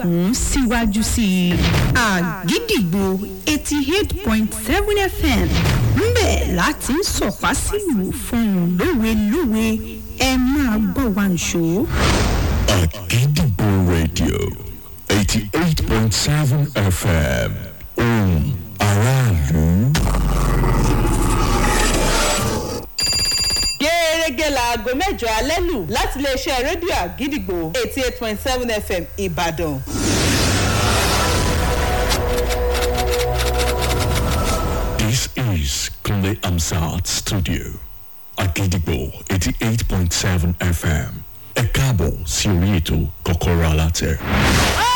fún síwájú sí i. àgídìgbò eighty eight point seven fm ńbẹ̀ láti ń sọ̀pá sílùú fọhùn lówelówe ẹ máa gbọ́ wa nṣó. àgídìgbò rédíò eighty eight point seven fm ohùn aráàlú. gẹ́gẹ́ láago mẹ́jọ alẹ́ lù láti iléeṣẹ́ rédíò àgídìgbò eighty eight point seven fm ìbàdàn. This is Kunle Amsat Studio, Akidigbo 88.7 FM. Ẹ káàbọ̀ sí orí ètò Kọ́kọ́rọ́ Aláàtẹ̀.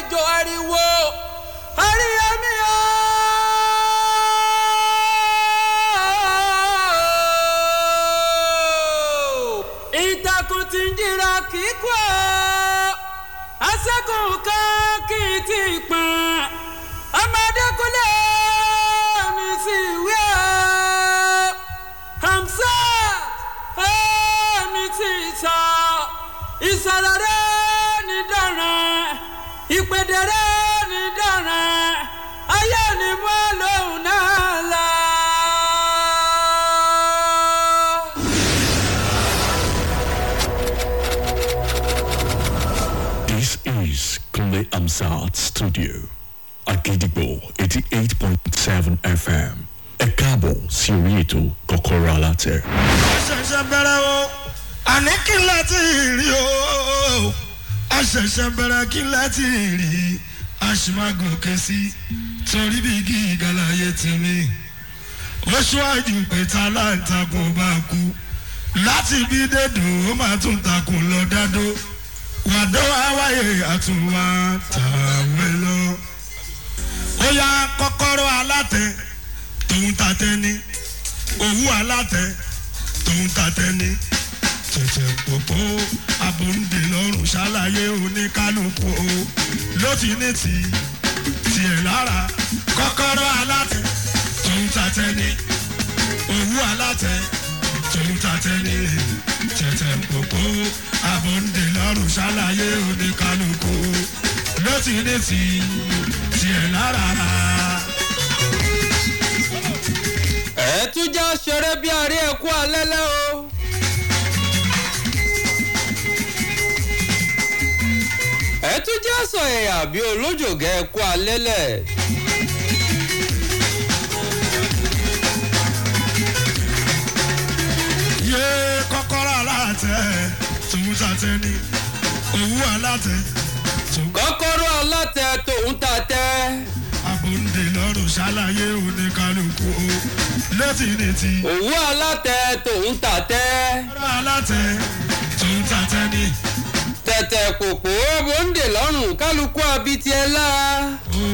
ẹjọ́ ariwo àríyàmí o. ìtàkùn ti ń jìnnà kíkọ́ asẹ́kùn kan kì í ti pọ̀n ọmọdékùnlé. Samsat Studio Àgídìgbò 88.7 FM ẹ káàbọ̀ sí orí ètò kọ́kọ́rọ́ alátẹ. àṣẹ̀ṣẹ̀ bẹ̀rẹ̀ o àní kí n láti rí o àṣẹ̀ṣẹ̀ bẹ̀rẹ̀ kí n láti rí àṣìmágùn kẹsí torí bí gíga láyé ti mí ó ṣíwájú pé ta láǹtakùn bá kú láti bí dédò ó máa tún takùn lọ dádó màdọ́wà wáyé àtúwà tàwé lọ. ó yá kọ́kọ́rọ́ alátẹ tòun tàtẹ ni òwú alátẹ tòun tàtẹ ni tẹ̀tẹ̀ pòpò abòǹdè lọ́rùn ṣàlàyé oníkálukú o ló ti ní tì tiẹ̀ lára kọ́kọ́rọ́ alátẹ tòun tàtẹ ni òwú alátẹ tìlútatẹ́lì tẹ̀tẹ̀ pòpò àbòǹdè lọ́rùn ṣàlàyé oníkálukú ló ti tiẹ̀ lára. ẹ tún já ṣeré bí àrí ẹ̀kú alẹ́lẹ́ o. ẹ tún já sọ ẹ̀yà bí olójògẹ́ ẹ̀kú alẹ́lẹ́. tòun tàtẹ ni òwú alátẹ. kọ́kọ́rọ́ alátẹ tòun tàtẹ. àbòǹdè lọ́rùn ṣàlàyé oníkálukú o létí ní ti. òwú alátẹ tòun tàtẹ. kọ́kọ́rọ́ alátẹ tòun tàtẹ ni. tẹ̀tẹ̀ kòkó bòǹdè lọ́rùn kálukú abití ẹ̀ la. o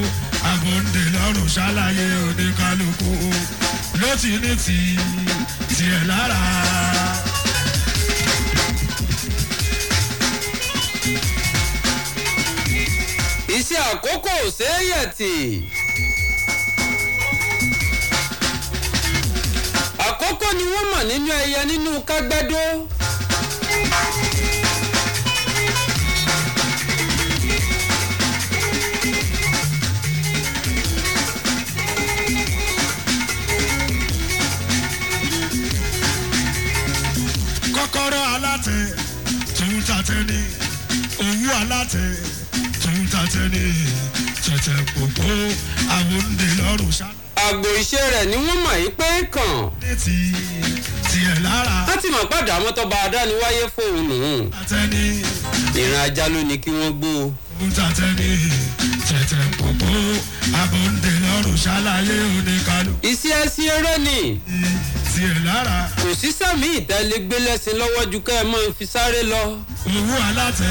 àbòǹdè lọ́rùn ṣàlàyé oníkálukú o ló ti ti tiẹ̀ lára. àti àkókò ṣéyẹ̀tì. àkókò ni wọ́n mọ̀ nínú ẹyẹ nínú kágbádó. kọ́kọ́rọ́ aláàtẹ̀ tìǹtàtẹ̀ ni òwú aláàtẹ̀ tàtẹ ní tẹ̀tẹ̀ gbogbo àwọn òǹdè lọ́rùn ṣá. àgbò iṣẹ́ rẹ̀ ni wọ́n mọ̀ yí pé kàn. a ti mọ̀ padà àwọn tọba adániwáyé fóun nù. ajá ló ní kí wọ́n gbó. ń gbogbo àwọn òǹdè lọ́rùn ṣáláyé oníkalu. iṣẹ́ ẹsẹ̀ eré ni. kò sí sẹ́mi ìtẹ́lẹ̀ gbélẹ́sìn lọ́wọ́ ju ká ẹ máa fi lọ. owó alátẹ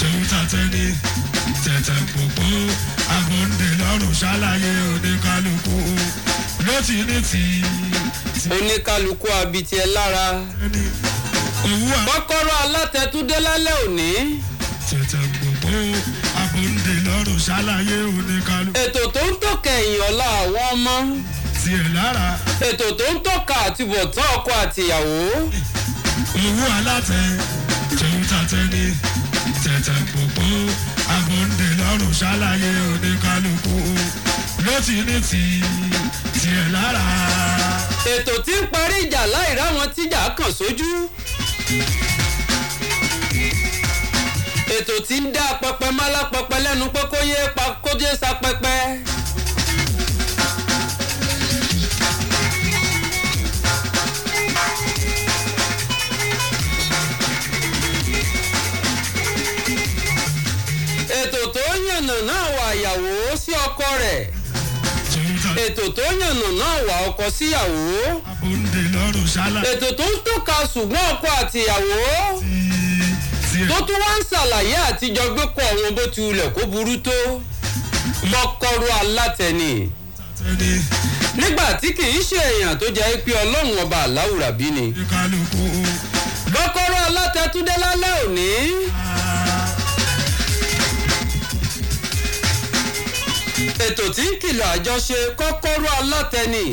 tòun tàtẹ ní àtẹ̀pọ̀pọ̀ àmúndé lọ́rùn ṣàlàyé oníkálukú lótì ní tì í. oníkálukú abití ẹ lára kọ́kọ́rọ́ alátẹ̀túndé lálẹ́ òní. tẹ̀tẹ̀pọ̀pọ̀ àmúndé lọ́rùn ṣàlàyé oníkálukú. ètò tó ń tòkè ẹ̀yìn ọ̀la àwọn ọmọ. tiẹ̀ lára. ètò tó ń tọ́ka àtibọ̀tán ọkọ àtìyàwó. owó alátẹ̀ tẹ̀wútàtẹ̀ ni tẹ̀tẹ̀pọ̀ ọlọ́run ṣàlàyé oníkálukú ló ti ní ti tiẹ̀ lára. ètò tí ń parí ìjà láì ráwọn tíjà kàn sójú. ètò tí ń dá pẹpẹ mọ́lá pẹpẹ pé kó yé pa kó yé sa pẹpẹ. sí ọkọ rẹ̀ ètò tó yànnà náà wà ọkọ síyàwó ètò tó ń tọ́ka ṣùgbọ́n ọkọ àtìyàwó tó tún wá ń ṣàlàyé àtijọ́ gbé kọ́ àwọn bó ti wulẹ̀ kó burú tó lọ́kọ́rọ́ alátẹ̀ni nígbà tí kì ṣe èèyàn tó jẹ́ pé ọlọ́run ọba aláwùrà bí ni. lọ́kọ́rọ́ alátẹ̀túndé lálẹ́ òní ètò tí ń kìlọ̀ àjọṣe kọ́kọ́rọ́ alátẹni.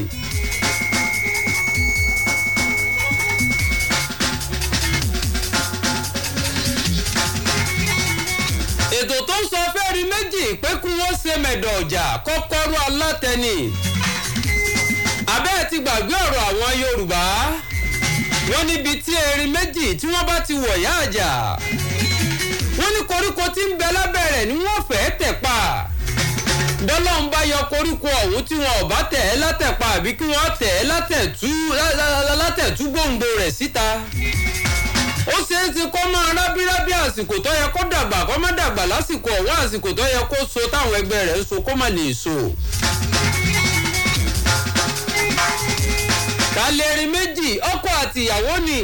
ètò tó ń sọ fẹ́ẹ́rí méjì pé kí wọ́n ṣe mẹ̀dọ̀ ọ̀jà kọ́kọ́rọ́ alátẹni. abẹ́ẹ̀ ti gbàgbé ọ̀rọ̀ àwọn yorùbá wọ́n níbi tí erin méjì tí wọ́n bá ti wọ̀yá àjà wọ́n ní koríko tí ń bẹ lábẹ́ rẹ̀ ni wọ́n fẹ́ẹ́ tẹ̀ pa. dọ́lọ́n bá yọ koríko ọ̀hún tí wọn ò tẹ̀ ẹ́ àbí kí wọ́n tẹ̀ ẹ́ látẹ̀tú gbòǹgbò rẹ̀ síta. ó ṣeé ṣe kó máa rábírábí àsìkò tó yẹ kó dàgbà kó má dàgbà lásìkò ọ̀wọ́ àsìkò tó yẹ kó so táwọn ẹgbẹ́ rẹ̀ so kó má lè so. kàlẹ́rì méjì ọkọ àti ìyàwó ni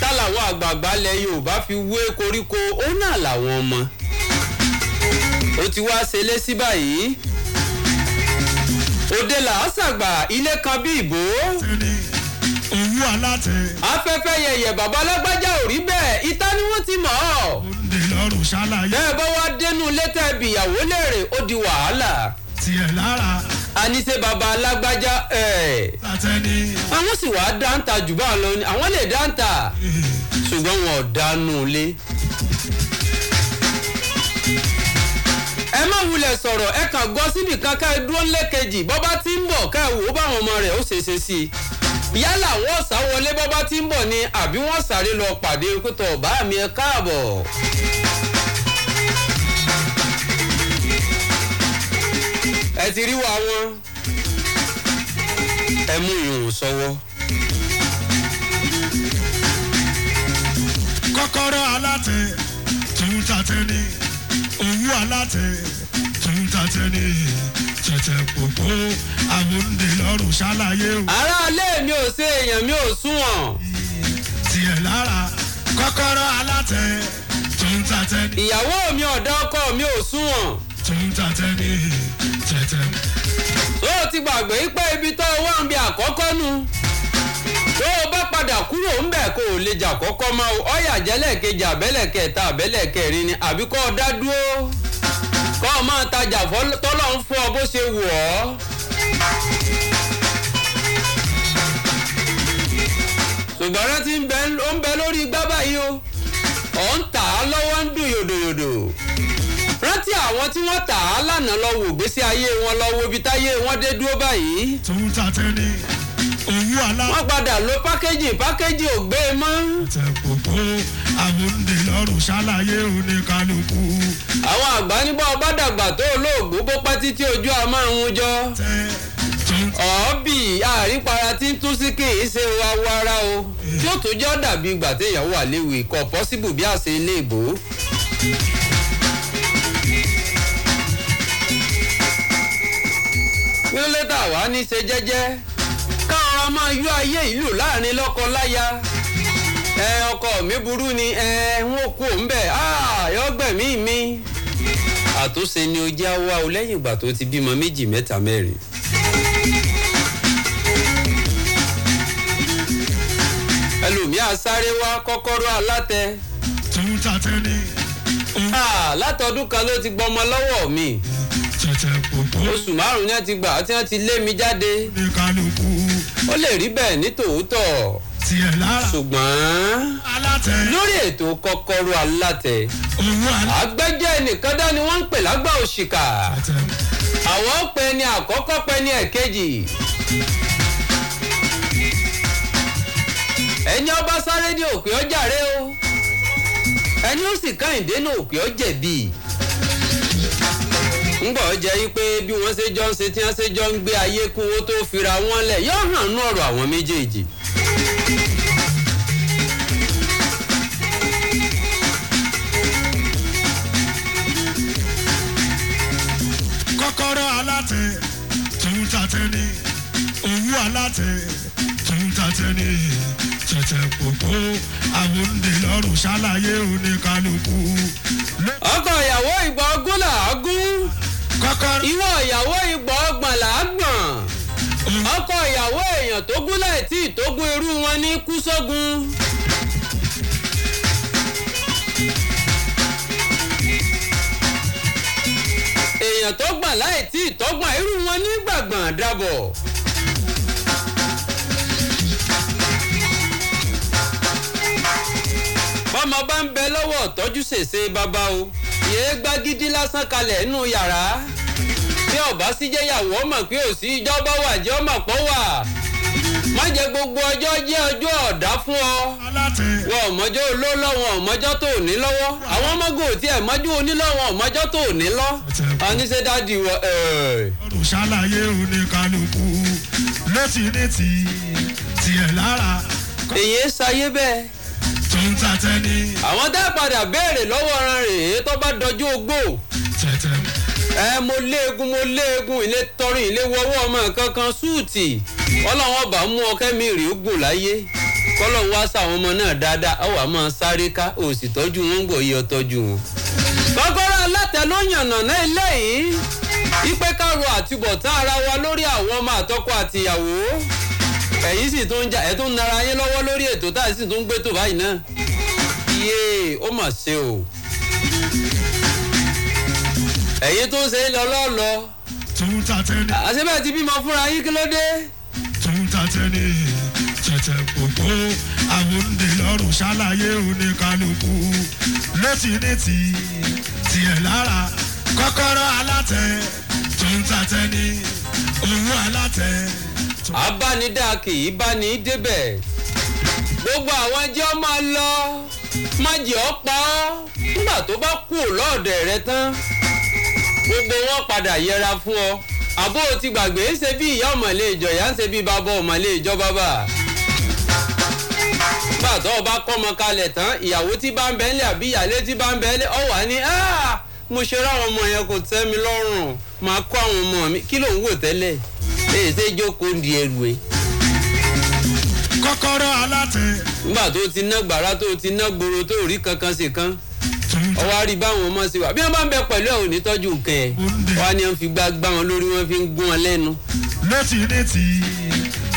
tá àgbààgbà lẹ yorùbá fi wé koríko ó náà làwọn ọmọ. ó ti wá ṣe lé sí báyìí. òde làásàgbà ilé kan bí ìbò. òwú aláàtẹ. afẹ́fẹ́ yẹyẹ bàbá alágbájá ò rí bẹ́ẹ̀ ìta ni wọ́n ti mọ̀ ọ́. ìlọrùn ṣáláyé. bẹ́ẹ̀ bá wá dénú létà ẹbí ìyàwó léèrè ó di wàhálà. tiẹ̀ lára. àníṣe bàbá alágbájá ẹ̀. àwọn sì wá dáńtà jù bá lọ ni àwọn lè dáńtà eh. ṣùgbọ́n wọn ò dánú lé ẹ má wulẹ̀ sọ̀rọ̀ ẹ kàn gọ́ síbi kan ká ẹ dúró lẹ́kẹ̀jì bọ́ bá ti ń bọ̀ ká ẹ wò ó báwọn ọmọ rẹ̀ ó ṣe sí i yálà wọ́n sá wọlé bọ́ bá ń bọ̀ ni àbí wọ́n sáré lọ pàdé kótó ọ̀bá mi ẹ káàbọ̀. ẹ ti rí wa wọn ẹ mú ìhùn sọwọ́. kọ́kọ́rọ́ aláàtẹ̀ tí ń ta tẹ́lẹ̀ owó aláàtẹ tún tàtẹ ní tẹ̀tẹ̀ gbogbo àbúndé lọ́rùn ṣàlàyé o. aráalé mi ò ṣe èèyàn mi ò súnwọ̀n. tiẹ̀ lára kọ́kọ́rọ́ aláàtẹ tún tàtẹ ní. ìyàwó mi ọ̀dọ́ ọkọ mi ò súnwọ̀n. tún tàtẹ ní tẹ̀tẹ̀. ó ti gbàgbé pé ibi tó wà ń bi àkọ́kọ́ nu. tó o bá padà kúrò ńbẹ̀ kó o lè jà kọ́kọ́ mọ́ o ọ̀yà jẹ́lẹ̀kejì àbẹ́lẹ̀kẹta àbẹ́lẹ̀kẹrin ni àbí kọ́ ọ dá kọ́ ọ máa tajà tọ́lọ́ ń fún ọ bó ṣe wù ọ́. ṣùgbọ́n rántí ń bẹ lórí igbá báyìí o ọ̀ ń tà á lọ́wọ́ ń dùn yòdòyòdò rántí àwọn tí wọ́n tà á lánàá wọn ibi wọn dé dúró báyìí. wàhálà. wọ́n padà lo pákéjì pákéjì ò gbé e mọ́. ọ̀tẹ̀ kò tó àmúndé lọ́rùn ṣàlàyé oníkálukú. àwọn àgbà ní bá ọba dàgbà tó olóògbé bó pẹ́ títí ojú àmọ́ àwọn jọ. ọ̀ọ́bì àrípara tí ń tú sí kì í ṣe wawa o tí ó tún jọ́ dàbí ìgbà téèyàn wà léwu ikọ̀ pọ́síbù bí àṣẹ ilé ìbò. nílé tàwa ní í ṣe jẹ́jẹ́ máa yọ ayé ìlú láàrin lọ́kọ-láya ẹ ọkọ mi burú ni ẹ wọn kú òun bẹ ah, yọ gbẹ̀mí mi àtúnṣe ni ó jẹ́ wá o lẹ́yìn ìgbà tó ti bímọ méjì mẹ́ta mẹ́rin. ẹlòmíà sáré wá kọ́kọ́rọ́ alátẹ. tòun ta tẹ́lẹ̀. látọdún kan ló ti gbọmọ lọ́wọ́ mi. oṣù márùn-ún ni wọ́n ti gbà tí wọ́n ti lé mi jáde. ní kálukú. ó lè rí bẹ́ẹ̀ ní tòótọ́ ṣùgbọ́n lórí ètò kọ́kọ́rọ́ alátẹ àgbẹ́jẹ́ nìkan dá ni wọ́n ń pè lágbà òṣìkà àwọn pẹ ni àkọ́kọ́ pẹ ni ẹ̀kejì ẹni ọba sáré ní òpè ọjà rẹ o ẹni ó sì ká ìdénà òpè ọjẹ̀bi ńgbọ̀ jẹ́ yí pé bí wọ́n ṣe jọ ń ṣe tí wọ́n ṣe jọ ń gbé ayé kún owó tó fira wọn lẹ̀ yóò hàn nú ọ̀rọ̀ àwọn méjèèjì. kọ́kọ́rọ́ aláàtẹ̀ tún tàtẹ́ ni owó aláàtẹ̀ tún tàtẹ́ ni tẹ̀tẹ̀ pòpò àwọn òǹdè lọ́rùn ṣàlàyé oníkálukú. ọkọ ìyàwó ìgbà ọgún kọ́kọ́rọ́. ìwọ ìyàwó ìgbọ́ ọgbọ̀n là á gbọ̀n. Mm. ọkọ ìyàwó èèyàn tó gúnlẹ̀ tí ìtógun irú wọn ní kúsógun. èèyàn tó gbọ̀n láì tí ìtọ́gbọ̀n irú wọn ní gbàgbọ̀n dàbọ̀. bọ́mọ bá ń bẹ lọ́wọ́ tọ́jú ṣèṣe bàbá o yéé gbágídí lásán kalẹ̀ nínú yàrá bí ọba sí jẹ́yàwó ọmọ pé ò sí ijọ́ bá wà jẹ́ ọmọ pọ̀ wà má jẹ́ gbogbo ọjọ́ jẹ́ ọjọ́ ọ̀dá fún ọ wọn ọmọjọ́ olólọ́ ọmọjọ́ tó ní lọ́wọ́ àwọn ọmọgò tí ẹ̀ mọ́jú onílọ́ ọmọjọ́ tó ní lọ́ àníṣe dáàdì wọ. olùṣàlàyé oníkanukú létí ní ti tiẹ̀ lára. èyí ṣayé bẹ́ẹ̀ tún ta tẹ́ni. àwọn tẹ́ padà béèrè lọ́wọ́ ọ̀ràn rèé tó bá dọjú ogbó. tẹ́tẹ́. ẹ mo léegun mo léegun ilé tọrin ilé wọwọ́ ọmọ kankan súùtì ọlọ́wọ́n bá mú ọkẹ́ mi rí gùn láyé kọ́lọ́wọ́ wá sáwọn ọmọ náà dáadáa ó wàá máa sáré ká ó sì tọ́jú wọn gbọ̀ yí ọ tọ́jú wọn. kọ́kọ́rọ́ alátẹ náà eléyìí ipe ká ro ara wa lórí àwọn ọmọ àtọkọ àtìyàwó ẹ̀yin sì tún ń jà ẹ̀ tún ń nara yín lọ́wọ́ lórí ètò tá a sì tún ń gbé tó báyìí náà iye ó mà ṣe o ẹ̀yin tó ń ṣe lọ lọ́ọ̀lọ́ àṣebẹ́ ti bímọ fúnra yín kí ló dé. tún ta tẹ́lẹ̀ tẹ̀tẹ̀ gbogbo àwọn òǹdè lọ́rùn ṣàlàyé oníkálukú létí ní ti tiẹ̀ lára kọ́kọ́rọ́ alátẹ tún ta tẹ́lẹ̀ owó alátẹ abánidá kì í bá ní débẹ̀ gbogbo àwọn jẹ́ ọmọ lọ má jẹ́ ọ pa ọ́ nígbà tó bá kú lọ́ọ̀dẹ̀ rẹ tán gbogbo wọn padà yẹra fún ọ àbó o ti gbàgbé ṣe bí ìyá ọmọlé ìjọyà ṣe bí bàbá ọmọlé ìjọ bàbá nígbà tó o bá kọ́ ọmọ kalẹ̀ tán ìyàwó tí bá ń bẹ́lẹ̀ àbí ìyàlé tí bá ń bẹ́lẹ̀ ọ wà ní mo ṣe ráwọn ọmọ yẹn kò tẹ́ mi lọ́rùn máa kọ́ àwọn ọmọ mi kí ló ń wò tẹ́lẹ̀ èsè jókòó di ẹrù ẹ. kọ́kọ́rọ́ aláti. nígbà tó ti ná gbàrà tó ti ná gbòòrò tó rí kankan sí kan ọwọ́ àrí báwọn ọmọ sí wa bí wọ́n bá ń bẹ pẹ̀lú ẹ̀ ò ní tọ́jú nǹkan ẹ̀ wá ni wọ́n fi gbá gbá wọn lórí wọ́n fi ń gún wọn lẹ́nu. létí létí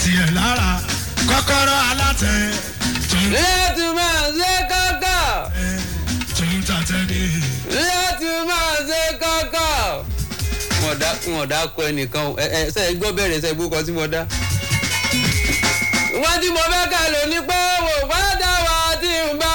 tiẹ̀ lára kọ́kọ́rọ́ alátẹ. létí máa ṣe kọ́kọ́. tún tàtẹ́ ni. létí máa ṣe n ọ̀dà kọ ẹnìkan ẹ ẹ ṣe gbọ́ bẹ̀rẹ̀ ṣe gbókọ tí mo dá. wọ́n tí mo fẹ́ kà lónìí pé wò bá dá wa tí n bá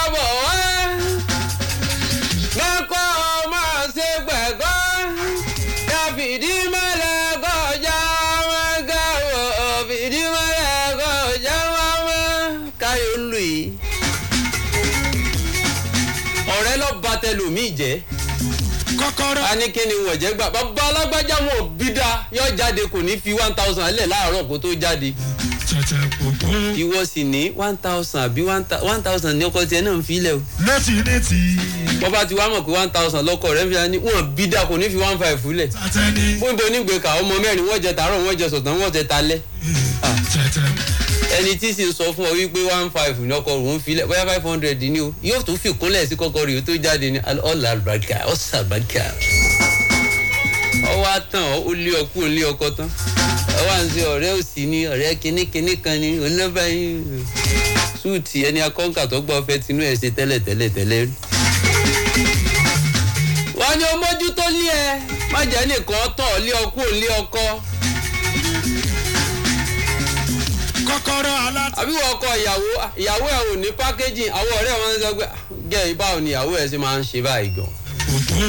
kọ́kọ́rọ́. a ní kí ni wọ́n jẹ́ gbà bàbá alágbájá wọn ò bí da yọ jáde kò ní fi one thousand alẹ́ láàárọ̀ kó tó jáde. ìwọ sì ní one thousand àbí one thousand ní ọkọ tiẹ̀ náà ń filẹ̀ o. létí létí. wọ́n bá ti wá mọ̀ pé one thousand lọ́kọ̀ rẹ̀ ń fi hàn ní wọ́n bí da kò ní fi one five fúlẹ̀. tẹ̀tẹ̀ onígbèkà ọmọ mẹ́rin wọ́n jẹ tàárọ̀ wọ́n jẹ sọ̀tàn wọ́n jẹ talẹ́. ẹni tí sì sọ fún ọ wípé one five ní ọkọ òun filẹ bóyá five hundred ní o yóò tún fi sí kọ́kọ́ tó jáde ní ọ̀là àbàkà ọ̀sà àbàkà ọwọ́ àtàn ọkọ tán ọwọ́ ọ̀rẹ́ òsì ni ọ̀rẹ́ kan ni yín súùtì ẹni akọ́ǹkà tó gbọ́ fẹ́ tinú ẹ̀ ṣe tẹ́lẹ̀ ẹ nìkan tọ̀ kọ́kọ́rọ́ aláta. àbí wọ́n kọ ìyàwó ìyàwó ẹ̀ ò ní pákéjì àwọn ọ̀rẹ́ wọn ń sọ pé gẹ̀ ibà ò ní ìyàwó ẹ̀ sì máa ń ṣe báyìí gan. òtún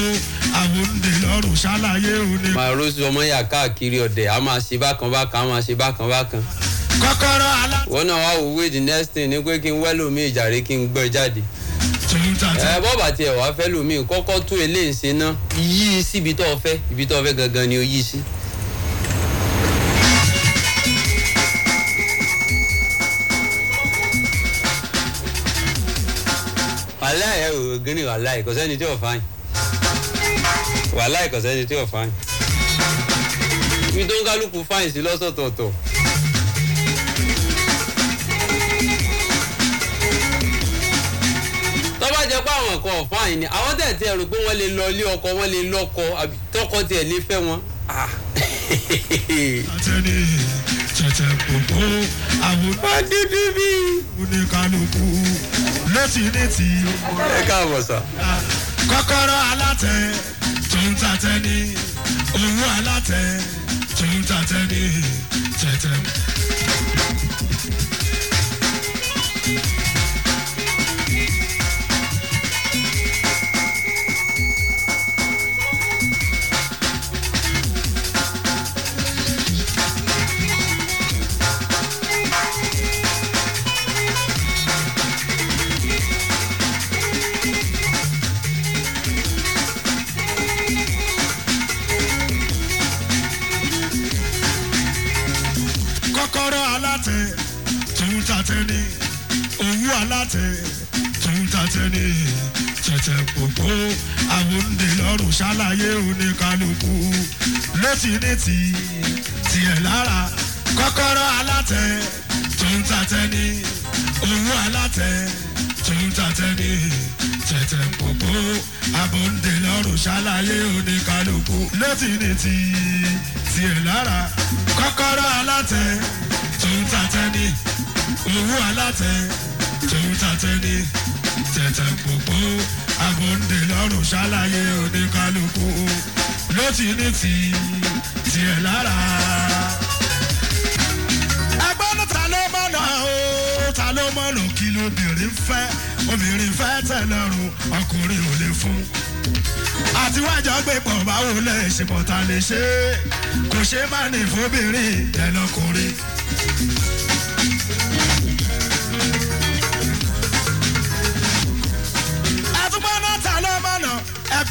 àwọn òǹdè lọ́rùn ṣàlàyé òní. màá rọ́ọ̀sì ọmọ yà káàkiri ọ̀dẹ̀ a máa ṣe bákan bákan a máa ṣe bákan bákan. kọ́kọ́rọ́ aláta. wọ́n náà wá wò the next thing ni pé kí n wẹ́ lómi ìjàre kí n gbọ́ jáde. ẹ bọ́ọ̀bà tiẹ̀ wá fẹ́ lómi kọ́kọ́ tún eléyìí ṣe ná yí síbi tó fẹ́ ibi tó fẹ́ gangan ni ó yí sí. gíní wàhálà yìí kò sẹ́ni tí ò fáyìn wàhálà yìí kò sẹ́ni tí ò fáyìn ibi tó ń kálukú fáyìn sí lọ́sọ̀tọ̀ọ̀tọ̀. tọ́ba jẹ́ pé àwọn kan fáyìn ni àwọn tẹ̀ tí ẹ rò pé wọ́n lè lọ ilé ọkọ wọ́n lè lọ́kọ tọkọ tiẹ̀ lè fẹ́ wọn. Ah. ṣẹ̀ṣẹ̀ kókó àwòrán dídí bí oníkálukú létí ní ti. ẹ káàbọ̀ kọ́kọ́rọ́ alátẹ tó ń tatẹ ní owó alátẹ tó ń tatẹ ní tẹ̀tẹ̀. sì ní tì tiẹ̀ lára kọ́kọ́rọ́ alátẹ tó ń tatẹ ní owó alátẹ tó ń tatẹ ní tẹ̀tẹ̀ pòpò abóńdè lọ́rùn ṣàlàyé oníkálukú létí ní tì tiẹ̀ lára kọ́kọ́rọ́ alátẹ tó ń tatẹ ní owó alátẹ tó ń tatẹ ní tẹ̀tẹ̀ pòpò abóńdè lọ́rùn ṣàlàyé oníkálukú ló ti ní tì tiẹ̀ lára. ẹgbẹ́ ní ta ló mọ̀nà o ta ló mọ̀nà kí lóbìnrin fẹ́ obìnrin fẹ́ tẹ̀lé ọ̀run ọkùnrin ò lè fún àti wájà gbé pọ̀ báwo lè ṣe pọ̀ ta lè ṣe kò ṣe má ní fóbìnrin tẹ̀lé ọkùnrin.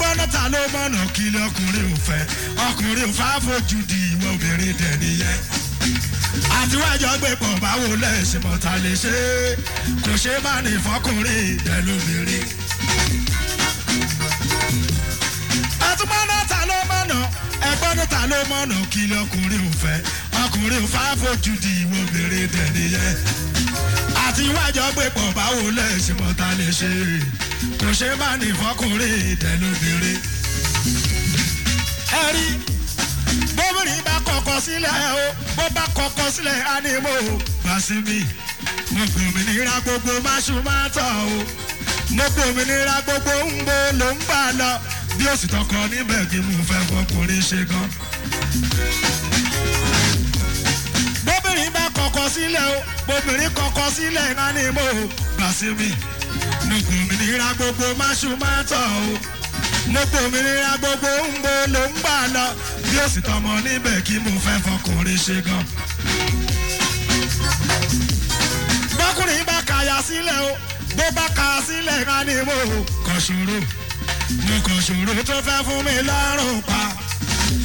Jonathan ló mọ̀nà kí ni ọkùnrin ò fẹ́ ọkùnrin ò fẹ́ fojú di ìwọ obìnrin dẹ̀ nìyẹn àtiwájọ gbé pọ̀ báwo lẹ́sìn mọ̀ta lè ṣe kò ṣe má ní fọkùnrin dẹ̀ lóbìnrin. àtúmọ̀nà ta ló mọ̀nà ẹgbọ́n ta ló mọ̀nà kí ni ọkùnrin ò fẹ́ ọkùnrin ò fẹ́ fojú di ìwọ obìnrin dẹ̀ nìyẹn tí wọ́n jọ gbé pọ̀ báwo lẹ́sìn mọ́ta lè ṣe kò ṣe má ní fọkùnrin ìtẹ́lóbìnrin. ẹ rí bóbìnrin bá kọ̀kọ̀ sílẹ̀ o bó bá kọ̀kọ̀ sílẹ̀ á ní mo gbà sí mi mo gbòmìnira gbogbo máṣúmátọ̀ o mo gbòmìnira gbogbo ń bo ló ń bà lọ bí ó tọkọ níbẹ̀ kí mo fẹ́ fọkùnrin ṣe gan. sílẹ̀ o bòmìnrin kọ̀ọ̀kan sílẹ̀ iná ni mo gbà sí mi nùgbòmìnira gbogbo máṣu máa tọ̀ o nùgbòmìnira gbogbo ń bo ló ń bà lọ bí ó sì tọmọ níbẹ̀ kí mo fẹ́ fọkùnrin ṣe gan. bọ́kùnrin bá kàyà sílẹ̀ o bó bá kà sílẹ̀ iná ni mo kọ̀ mo kọ̀ tó fẹ́ fún mi lọ́rùn pa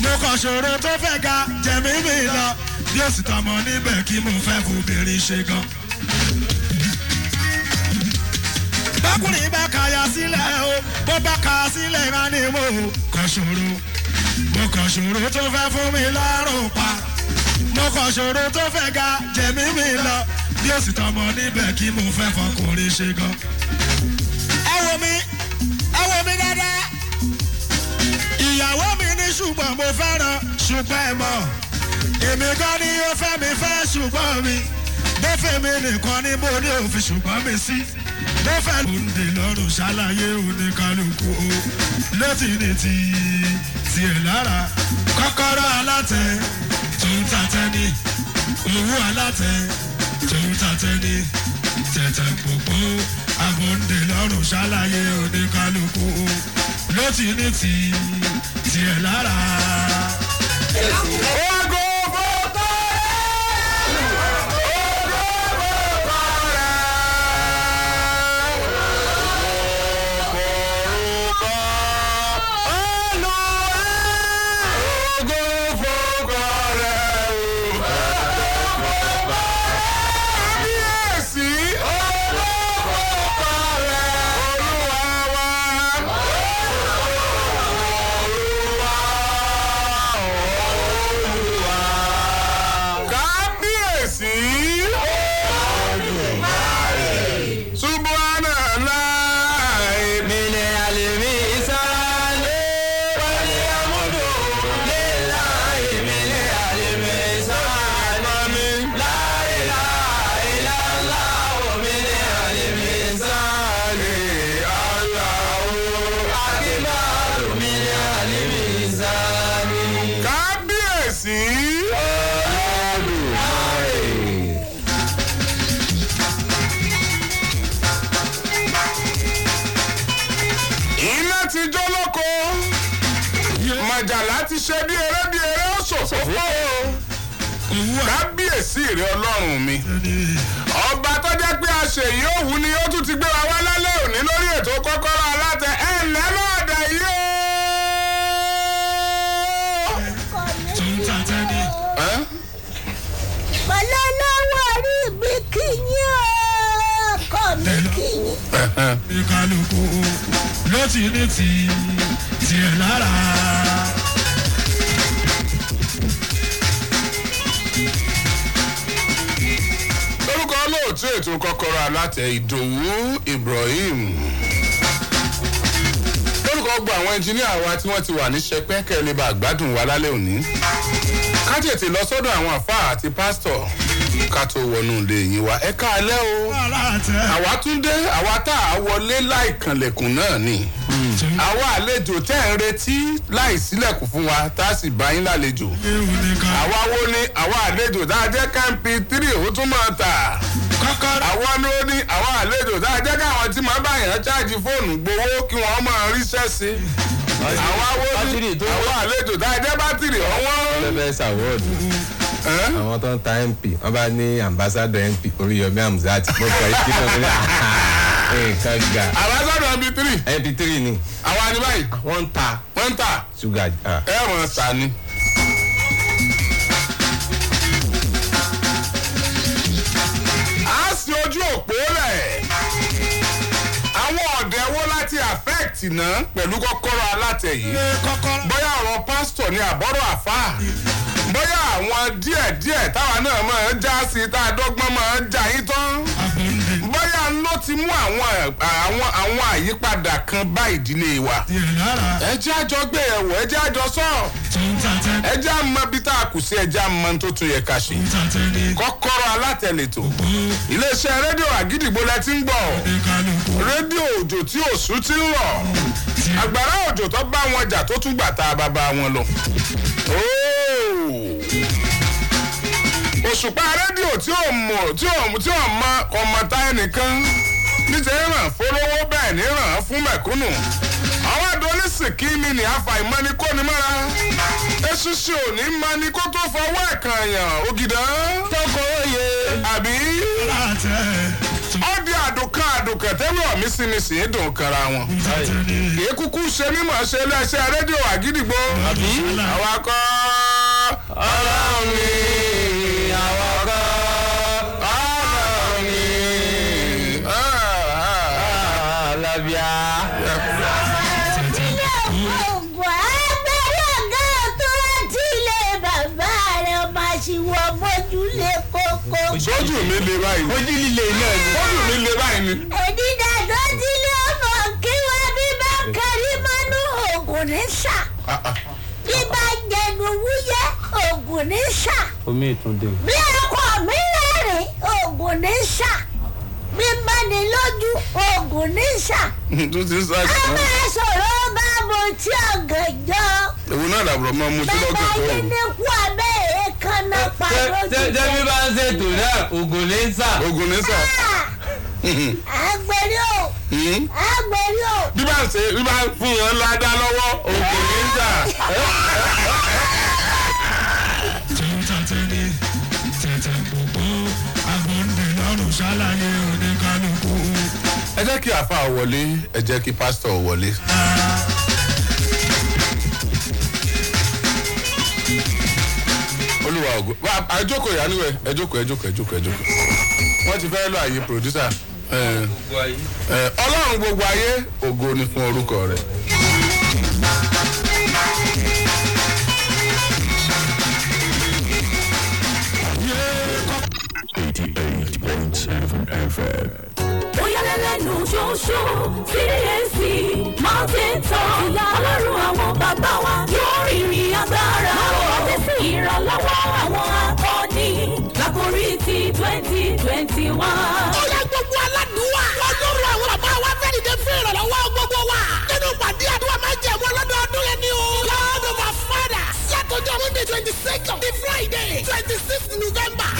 mo kàn ṣòro tó fẹ́ ga jẹ̀mí mi lọ bí ó sì tọmọ níbẹ̀ kí mo fẹ́ fòbìnrin ṣe gan. bákùnrin bá kaya sílẹ̀ o bó bá ka sílẹ̀ má ni mo kàn ṣòro mo kàn ṣòro tó fẹ́ fún mi lọ́rùn pa mo kàn ṣòro tó fẹ́ ga jẹ̀mí mi lọ bí ó sì tọmọ níbẹ̀ kí mo fẹ́ fọkùnrin ṣe gan. ẹ wo mi ṣùgbọ́n mo fẹ́ràn ṣùgbọ́n ẹ mọ̀. Èmi kan ni ó fẹ́ mi fẹ́ ṣùgbọ́n mi. Bẹ́fẹ̀ mi nìkan ni mo ní òfin ṣùgbọ́n mi sí. Bẹ́fẹ̀ lòdì lọ́rùn ṣàlàyé oníkanukú o. Lọ́tì ni ti tiẹ̀ lára. Kọ́kọ́rọ́ alátẹ tòun tàtẹ ni. Owó alátẹ tòun tàtẹ ni. Tẹ̀tẹ̀ pòpò àbòǹdè lọ́rùn ṣàlàyé oníkanukú o ló ti ní ti tiẹ̀ lára. èrè ọlọ́run mi. ọba tó jẹ́ pé àṣẹ yìí òwú ni ó tún ti gbé wa wá lálẹ́ òní lórí ètò kọ́kọ́rọ́ alátẹ ẹ̀ lẹ́mọ̀ yìí o. pẹ̀lú aláwọ̀ orí mi kì í ọkọ mi kì í ló ti ní ti tiẹ̀ lára. tún kọ́kọ́rọ́ alátẹ ìdòwú ibrahim lórúkọ gbogbo àwọn ẹnjìníà wa tí wọ́n ti wà ní sẹpẹ́ kẹ́lẹ́bà gbádùn wa lálẹ́ òní ká tètè lọ sọ́dọ̀ àwọn àfáà àti pásítọ̀ ká tó wọnú ilé yín wá ẹ káalẹ́ o àwa tún dé àwa tá a wọlé láìkànlẹ̀kùn náà ni hmm. àwa àlejò tẹ́ ń retí láìsílẹ̀kùn fún wa tá a sì bá yín lálejò àwa wo ni àwa àlejò tá a jẹ́ kẹ́ńpì tírì ó tún máa tà àwa ni ó ní àwa àlejò tá a jẹ́ káwọn tí màá bá yàn ṣáàjì fóònù gbowó kí wọ́n máa ríṣẹ́ sí àwa wo ni àwa àlejò tá a jẹ́ bátìrì ọ̀wọ́n àwọn tó ń ta mp wọn bá ní ambassador mp oríyọmí hamzat mo kọ ìdí náà nílẹ nǹkan ga. ambassador mp three. mp three ni. àwa ni báyìí. wọ́n ń ta. wọ́n ń ta. sugar. Ah. ẹ mọ̀ ta ni. a sì ojú òpó rẹ̀ àwọn ọ̀dẹ̀ wo láti affect náà pẹ̀lú kọ́kọ́rọ́ alátẹ̀yìn bóyá ọ̀rọ̀ pásítọ̀ ni àbọ̀rọ̀ àfáà bóyá àwọn díẹ̀ díẹ̀ táwa náà máa ń já sí i tá a dọ́gbọ́n máa ń já yín tán bóyá ló ti mú àwọn àwọn àwọn àyípadà kan bá ìdílé wa ẹ jẹ́ àjọ gbé ẹ̀wò ẹ jẹ́ àjọ sọ ẹ jẹ́ àmọ́ bí tá a kù sí ẹ jẹ́ àmọ́ tó tún yẹ ká ṣe kọ́kọ́rọ́ alátẹ̀lẹ́tò iléeṣẹ́ rédíò àgídìgbò lẹ ti ń gbọ́ rédíò òjò tí òṣù ti ń rọ̀ àgbàrá òjò tó bá wọn jà tó tún gbà tá a bá bá wọn lọ. òṣùpá rédíò tí ò mọ̀ tí ò tí ò mọ ọmọta ẹnìkan nítorí ràn fọlọ́wọ́ bẹ́ẹ̀ ní ràn án fún mẹ̀kúnnù àwọn adoní sìnkì mi ní àfàìmọ́ ni kò ní mọ́ra eṣiṣi òní ma ni kó tó fọwọ́ ẹ̀kan yàn ògìdá tọkọ oyè àbí ọdí àdùnkàn àdùnkàn tẹ́wọ́ mi sí mi sì ń dùn kara wọn. kì í kúkú ṣe ṣe iléeṣẹ́ rédíò àgídìgbò àwọn akọ ọlọ́run ni. ojú mi le báyìí. ojú líle náà ni. ojú mi le báyìí ni. èmi dàdó tí ilé ọmọ kí wá bí bá kárí mọ́nú oògùn ah, ah. ní sà. bí bá jẹnu wúyẹ oògùn ní sà. omi ìtúndé. bí ọkọ mi rẹ̀rìn oògùn ní sà bí mani lójú oògùn ní sà. tó ti sá jù. a máa sọ̀rọ̀ bá mo tí ọ̀gànjọ́. èwo náà làbùrọ̀ máa mu tí lọ́gàn tó. bàbá yìí ní kú abẹ́ kaná pa lójijì. jẹ́bí bá ń ṣètò náà ògùn ní sà. ògùn ní sà. agbèrè ah! o. agbèrè hmm? o. bí bá ṣe bí bá fún wọn ládá lọ́wọ́ ògùn ní sà. ẹ jẹ́ kí àfa wọlé ẹ jẹ́ kí pásítọ̀ wọlé. ọgọ ẹ jókòó yà níwẹ̀ ẹ jókòó ẹ ti fẹ́ lọ àyè pòdúsà ọlọ́run gbogbo ayé ògo ni fún orúkọ rẹ̀. eighty eight point seven fm ẹlẹ́nu ṣoṣo CAC mountain top ìyá ọlọ́run àwọn bàbá wa yóò rìnrìn agbára àti sí ìrànlọ́wọ́ àwọn akọni lákòrí ti twenty twenty one. ó yẹ gbogbo aládùúwà ọlọ́run àwọn bàbá wa fẹ́ dìde fún ìrànlọ́wọ́ gbogbo wa nínú pàdé àdúrà máa jẹ̀ wọ́n lọ́dọọdún yẹn ni o. lord of our father sátọjọ́ monday twenty second ni friday twenty sixth november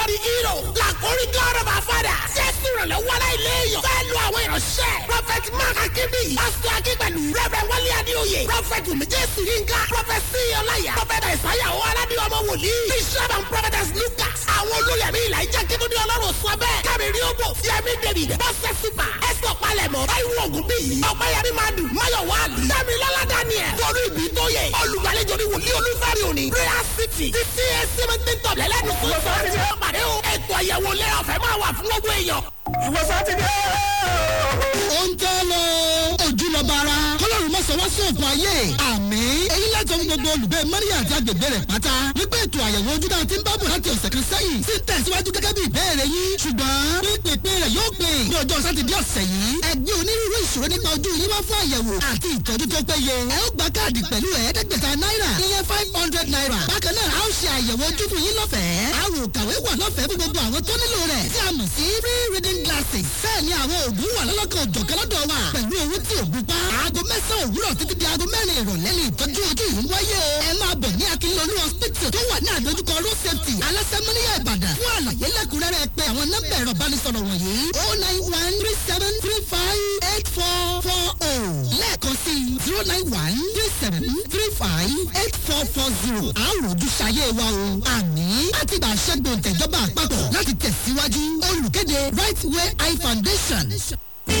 for the hero làkórí God of our father jésù ìrànlọ́wọ́ aláìléèyàn fẹ́ lu àwọn ìránṣẹ́ prophet mark akínbíyì pásítọ̀ akínpẹ̀lú rẹ́bẹ̀ wálé adéoyè prophet jésù yínká prophet sí ọláyà prophet àìsàyà owó aládé ọmọ wòlíì bishop and prophetess lucas àwọn olóyè mi ìlà ìjà kí tóbi ọlọ́run sọ bẹ́ẹ̀ kẹ́mi rí ó bò yẹmi david bọ́sẹ̀ sípà ẹ̀sọ́ palẹ̀mọ́ táyọ̀ ògùn bíyì ọ̀pẹ́ yẹmi madu máyọ̀wá àlì dámilọ́lá daniel torí ìbí tó yẹ olùgbàlejò ni wòlíì olúfẹ́rẹ́ òní prayer city CAC ti ń tọ̀lẹ̀ lẹ́nu fún o. ń tẹ́ lọ ojúlọ bara sọ wá ayé àmín èyí láti ọmọ gbogbo olùgbé mẹ́rin àti agbègbè rẹ̀ pátá wípé ètò àyẹ̀wò ojú náà ti ń bábọ̀ láti ọ̀sẹ̀ kan sẹ́yìn sí ń tẹ̀síwájú gẹ́gẹ́ bí ìbéèrè yín ṣùgbọ́n pípèpè rẹ̀ yóò pè ní ọjọ́ sátidé ọ̀sẹ̀ yìí ẹgbẹ́ onírúurú ìṣòro nípa ojú yín wá fún àyẹ̀wò àti ìtọ́jú tó péye ẹ ó gba káàdì pẹ̀lú ẹ̀ẹ́dẹ́gbẹ̀ta náírà a ó aago mẹ́sàn-án òwúrọ̀ títí di aago mẹ́rin ìrọ̀lẹ́ ni ìtọ́jú ojú yìí ń wáyé o. ẹ máa bọ̀ ní akínlolú hospital tó wà ní àdójúkọ road safety alásẹ́múníyà ìbàdàn fún àlàyé lẹ́kùnrẹ́rẹ́ pé àwọn nọ́mbà ẹ̀rọ ìbánisọ̀rọ̀ wọ̀nyí o oh nine one three seven three five eight four four o oh. lẹ́ẹ̀kan sí zero nine one three seven three five eight four four zero àrùn wa o àmì àti ìgbà ṣẹ́gun tẹ̀jọba àpapọ̀ láti tẹ̀síwájú olùkéde right way eye foundation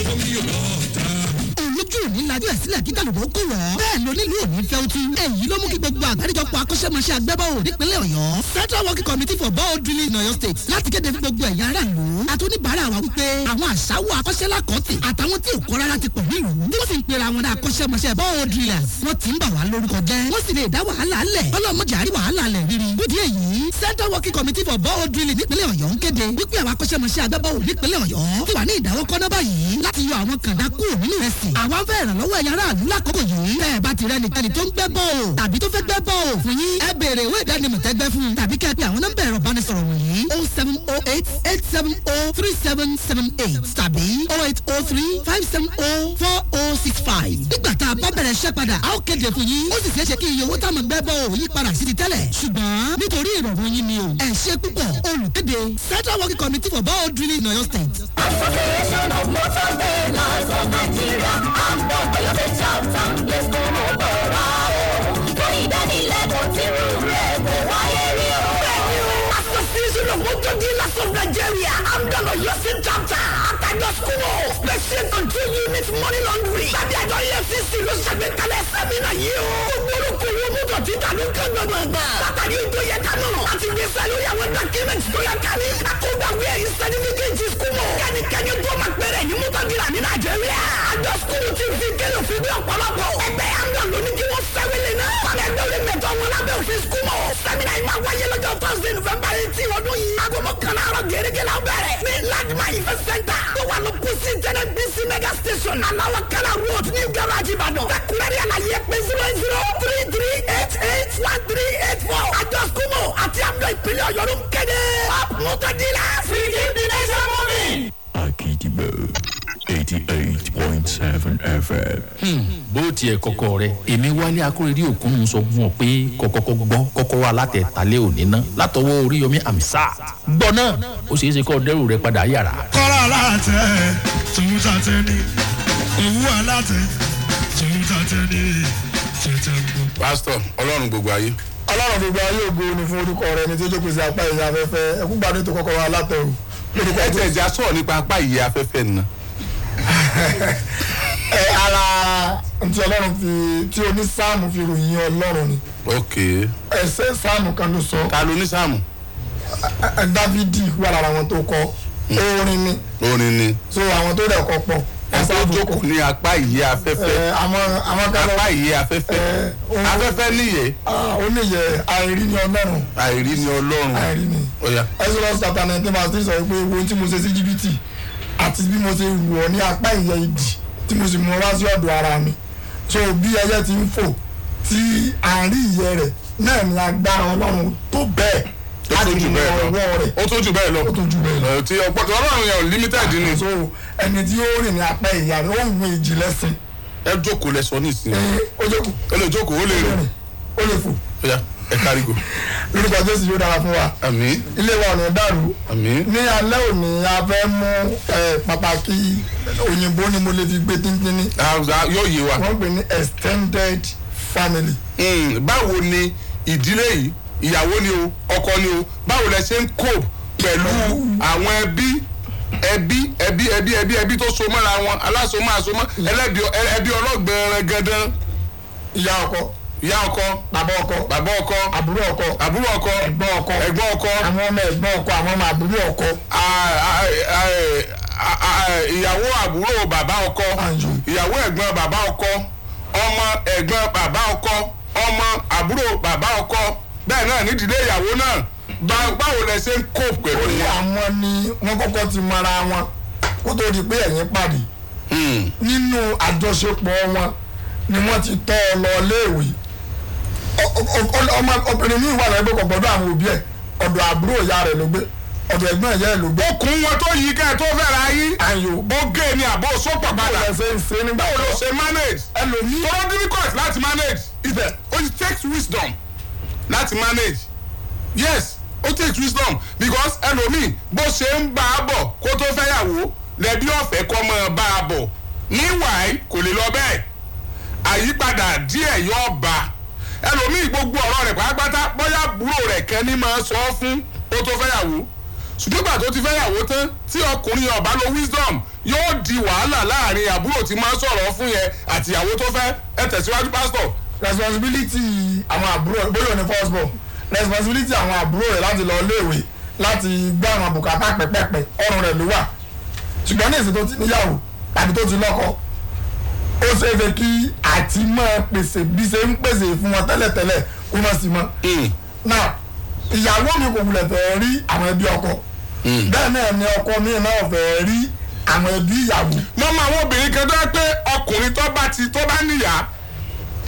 ọkọ mi yóò bọ̀ tán lójú òní lajú ẹ̀ sílẹ̀ kí tàlùbọ̀ kò wọ́. bẹ́ẹ̀ ló nílùú òní fẹ́ otí. èyí ló mú kí gbogbo àgbáríjọpọ̀ akọ́ṣẹ́mọṣẹ́ agbẹ́bọ̀wò nípínlẹ̀ ọ̀yọ́. central working committee for ball drilling in oyo state láti kéde fún gbogbo ẹ̀yà ara ìlú. àtúndìbàárà wa wípé àwọn àṣàwọ̀ akọ́ṣẹ́lákọ̀ọ́tì àtàwọn tí ò kọ́ rárá ti pọ̀ nílùú. tí wọ́n sì ń pera wọn akọ́ṣẹ́mọṣẹ́ ball drillers. wọ́n ti ń bà wá lórúkọ jẹ́. wọ́n sì lè dá wàhálà lẹ̀. ọlọ́mọdé àrí wàhálà lẹ̀ rírì. bídí èyí central working committee for ball drilling nípínlẹ̀ ọ̀yọ́ ń kéde wípé àwọn akọ́ṣẹ́mọṣẹ́ agbẹ́bọ̀wò nípínlẹ̀ ọ̀yọ́ ti wà ní ìdáwọ́kọ́ náà báyìí láti yọ àwọn kàndá kúrò nínú ìrẹsì. àwa fẹ́ ìrànlọ́wọ́ ẹ̀yà aráàlú lákòókò yìí. tẹ́ bá ti rẹ́ni tẹ́ni tó ń gbẹ́ bọ́ o tàbí tó fẹ́ gbẹ́ bọ́ o fún yín. ẹ béèrè ìwé ìdánimọ̀ tẹ́gbẹ́ fún un tàbí kẹ́ẹ̀pẹ́ àwọn nọ́mbà ẹ̀rọ ìbánisọ̀rọ̀ wọ̀nyí. o oh seven o oh eight eight seven o oh three seven seven eight tàbí o eight o three five seven o four o six five. nígbà tá a bá bẹ̀rẹ̀ iṣẹ́ padà a ó kéde fún yín. ó sì ṣeé kí iye owó táwọn gbẹ́ bọ́ o padà sí ti tẹ́lẹ̀. ṣùgbọ́n nítorí ìrọ̀rùn yín ni o. ẹ ṣe púpọ̀ olùkéde Central Working Committee for Bowel Drilling in Oyo State. Association of Motor I'm done for and let's go yọ kúrò. special control unit money laundry. tàbí àjọ efcc ló ṣàgbékalẹ̀ sẹ́mínà yìí o. gbogbo olùkòwò mọ́tò títà ló kàn gbọ̀ngbọ̀ngbà. látàrí ìjọ yẹ ká mọ̀. láti gbèsè lórí àwọn document tó yẹ kárí. àkógbàwé ẹ̀yìn certificate school mọ̀. kẹ́nikẹ́ni tó máa pẹ́rẹ́ ní mọ́tò gíga ní nàìjíríà. àjọ school ti fi kélòfin bí ọ̀pọ̀lọpọ̀. ẹgbẹ́ yà ń lọ lóní kí wọ́n fẹ́ alẹ́ ní orí mẹ́tọ́ ọmọ lábẹ́ òfin skúmọ̀. sẹ́mínà yìí máa wáyé lọ́jọ́ tọ́sídẹ̀ẹ́ nùfẹ̀mbà yìí ti ọdún yìí. agogo kan àárọ̀ gẹ́gẹ́ la bẹ̀rẹ̀. ní ladima event center. tó wà ní kusi jẹnẹ bisi mega station. alawa kala road new garage Ìbàdàn. sẹkúrẹ́rì àlàyé pé zero zero three three eight eight one three eight four. àjọ skúmọ̀ àti àmì ìpínlẹ̀ ọ̀yọ́ ló ń kéde. up motor dealer. sìgìdì nation movie. seven fm. bó tiẹ̀ kọ̀kọ̀ rẹ̀ èmi wálé akóredé òkun sọ fún ọ pé kọ̀kọ̀kọ̀ gbọ́ kọ́kọ́rọ́ alátẹ̀tálẹ̀ òní ná látọwọ́ oríyomi amisa gbọ́ náà ó ṣeé ṣe kọ́ dẹ́rù rẹ padà yàrá. kọ́ra aláàtẹ tòun tàtẹ ni owó aláàtẹ tòun tàtẹ ni tètè gbó. pásítọ̀ ọlọ́run gbogbo ayé ọlọ́run gbogbo ayé ògo ni fún orúkọ rẹ ní tí ó jókòó sí apá ìyá afẹ́fẹ́ ẹkú gbàdúrà tó kọ́kọ́rọ́ alátẹ o. ẹ ẹ ara ntí ọlọ́run fi tí oní sáàmù fi ròyìn ọlọ́run ni. ok ẹsẹ sáàmù kan ló sọ. ta ló ní sáàmù. dávidi wà lára àwọn tó kọ hmm. orin ni. orin ni. so àwọn tó dẹ̀ kọ pọ̀ ẹsẹ ojókòó ní apá ìyé afẹ́fẹ́ apá ìyé afẹ́fẹ́ afẹ́fẹ́ níyẹ. ó níyẹ àìrí ni ọlọ́run. àìrí ni ọlọ́run. àìrí ni. ẹsẹ lọ sàtàn nineteen verse three sọ pé ohun tí mo ṣe sí jìbìtì àti bí mo ṣe lù ọ́ ní apá ìyẹ́ ìdì tí mo sì mú wá sí ọ̀dọ̀ ara mi so bí ẹyẹ ti ń fò tí àárín ìyẹ́ rẹ̀ náà ni agbára ọlọ́run tó bẹ́ẹ̀ láti mú ọwọ́ rẹ̀ ó tó jù bẹ́ẹ̀ lọ ó tó jù bẹ́ẹ̀ lọ ti ọ̀pọ̀tọ̀ ọlọ́run yẹn ò limited ah, ni. so ẹni tí ó rìn ní apá ìyá rẹ̀ ó ń wọ èjì lẹ́sìn. ẹ jókòó lẹ sọ ní ìsinmi. Eh, ó jókòó ó lè jókòó ó lè rìn ó lè ẹ kárígò. lórúkọ jésù yóò dára fún wa. àmín. ilé wa ọ̀nà dàrú. àmín. ní alẹ́ òní a fẹ́ mú pàtàkì òyìnbó ni mo lè fi gbé tíntínní. yóò yé wa. wọ́n pè ní extended family. Hmm, báwo ni ìdílé yìí ìyàwó ni o ọkọ ni o báwo lẹ ṣe ń cope pẹ̀lú àwọn ẹbí ẹbí ẹbí ẹbí ẹbí ẹbí tó so mọ́ra wọn alásomọ́ àsomọ́ hmm. ẹlẹ́bi ọlọ́gbẹ̀rẹ̀ gẹ́dẹ́. ìyá ọkọ ìyá ọkọ bàbá ọkọ bàbá ọkọ àbúrò ọkọ àbúrò ọkọ ẹ̀gbọ́n ọkọ ẹ̀gbọ́n ọkọ àwọn ọmọ ẹ̀gbọ́n ọkọ àwọn ọmọ àbúrò ọkọ. ìyàwó àbúrò bàbá ọkọ ìyàwó ẹ̀gbọ́n bàbá ọkọ ọmọ ẹ̀gbọ́n bàbá ọkọ ọmọ àbúrò bàbá ọkọ bẹ́ẹ̀ náà nídìílé ìyàwó náà báwo lẹ ṣe ń kó pẹ̀lú yẹn. àwọn ni wọ́n kọ́kọ́ ti mara wọn kó tó di pé ẹ̀yin pàdé hmm. nínú àjọṣepọ̀ wọn ni wọ́n ti tọ́ ọ lọ léèwé ọmọ obìnrin yìí wà lẹ́gbẹ́ kọ̀ gbọ́dọ̀ àwọn òbí ẹ̀ ọ̀dọ̀ àbúrò ìyá rẹ̀ ló gbé ọ̀dọ̀ ẹ̀gbọ́n ìyá rẹ̀ ló gbé. okùn wọn tó yí kẹ́ ẹ tó fẹ́ ra yí. ayo bó gé ni àbó so pọ̀ padà. bó ṣe ń ṣe nígbà tó. bó ṣe manage. tọ́lá difficult láti manage. ibẹ̀ it takes wisdom láti manage. yes it takes wisdom because ẹlòmíì bó ṣe ń bá a bọ̀ kó tó fẹ́ yàwó lẹ́bí ọ̀fẹ́ kọ́ mọ́ bá a bọ̀ níwàá kò lè lọ bẹ́ẹ̀ àyípadà díẹ̀ yóò bá a ẹlòmíì gbogbo ọ̀rọ̀ rẹ̀ pàápàá bóyá àbúrò rẹ̀ kan ní máa sọ ọ́ fún ó tó fẹ́yàwó ṣùgbọ́n gbà tó ti fẹ́yàwó tán tí ọkùnrin ọ̀bá lo wisdom yóò di wàhálà láàrin àbúrò tí máa sọ̀rọ̀ fún yẹn àtìyàwó tó fẹ́ ẹ tẹ̀síwájú pásítọ̀. responsibility àwọn àbúrò bóyá ní first born responsibility àwọn àbúrò rẹ̀ láti lọ iléèwé láti gbá àwọn àbùkà pàpẹ́pẹ́pẹ́ ọrùn rẹ̀ ló wà ṣùgbọ́n ní ìsìn tó ti níyàwó àbí tó ti lọ́kọ ó ṣeé fẹ́ kí àti máa pèsè bí ṣe ń pèsè fún wọn tẹ́lẹ̀tẹ́lẹ̀ kó má sí mọ́. náà ìyàwó mi kò wulẹ̀ fẹ́ rí àwọn ẹbí ọkọ bẹ́ẹ̀ náà ni ọkọ mi náà fẹ́ rí àwọn ẹbí ìyàwó. mo mọ àwọn obìnrin kan tó yẹ pé ọkùnrin tó bá ti tó bá níyà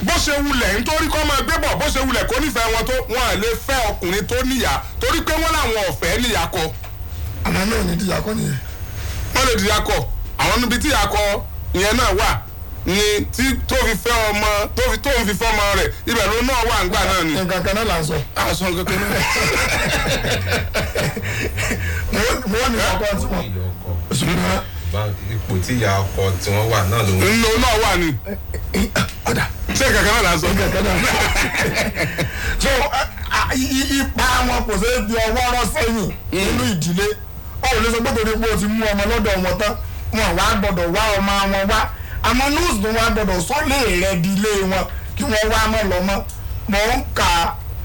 bó ṣe wulẹ̀ nítorí kó máa gbé bọ̀ bó ṣe wulẹ̀ kó nífẹ̀ẹ́ wọn tó wọn à lè fẹ́ ọkùnrin tó níyà torí pé wọ́n làwọn ọ̀fẹ́ níyà kọ. àwọn náà ní ìdíyàkọ nìyẹn. wọ́n lè dìyàkọ àwọn níbi tíyàkọ ìyẹn náà wà ni tí tó fi fẹ́ ọmọ tó fi tó ń fi fọ́mọ rẹ̀ ibẹ̀ ló náà wà ńgbà náà ni. nǹkan kan náà là ń sọ. a sọ nǹkan kan náà. mo ní ọkọ tí wọn. ipò tí ìyá ọkọ tí wọn wà náà ló. nlo náà wà ni. ọ̀dà. ṣé nǹkan kan náà là ń sọ. nǹkan kan náà. so ipa wọn kò ṣeé di ọwọ́ rọ sẹ́yìn nínú hmm. ìdílé ọ̀ lè sọ pé torí pé o ti mú ọmọ lọ́dọ̀ wọn tán wọn wàá gbọ́dọ̀ wá ọmọ wọn wá àmọ́ news ni wọ́n gbọ́dọ̀ sọ́lé rẹ̀ di ilé wọn kí wọ́n wá mọ́ lọ mọ́ mò ń kà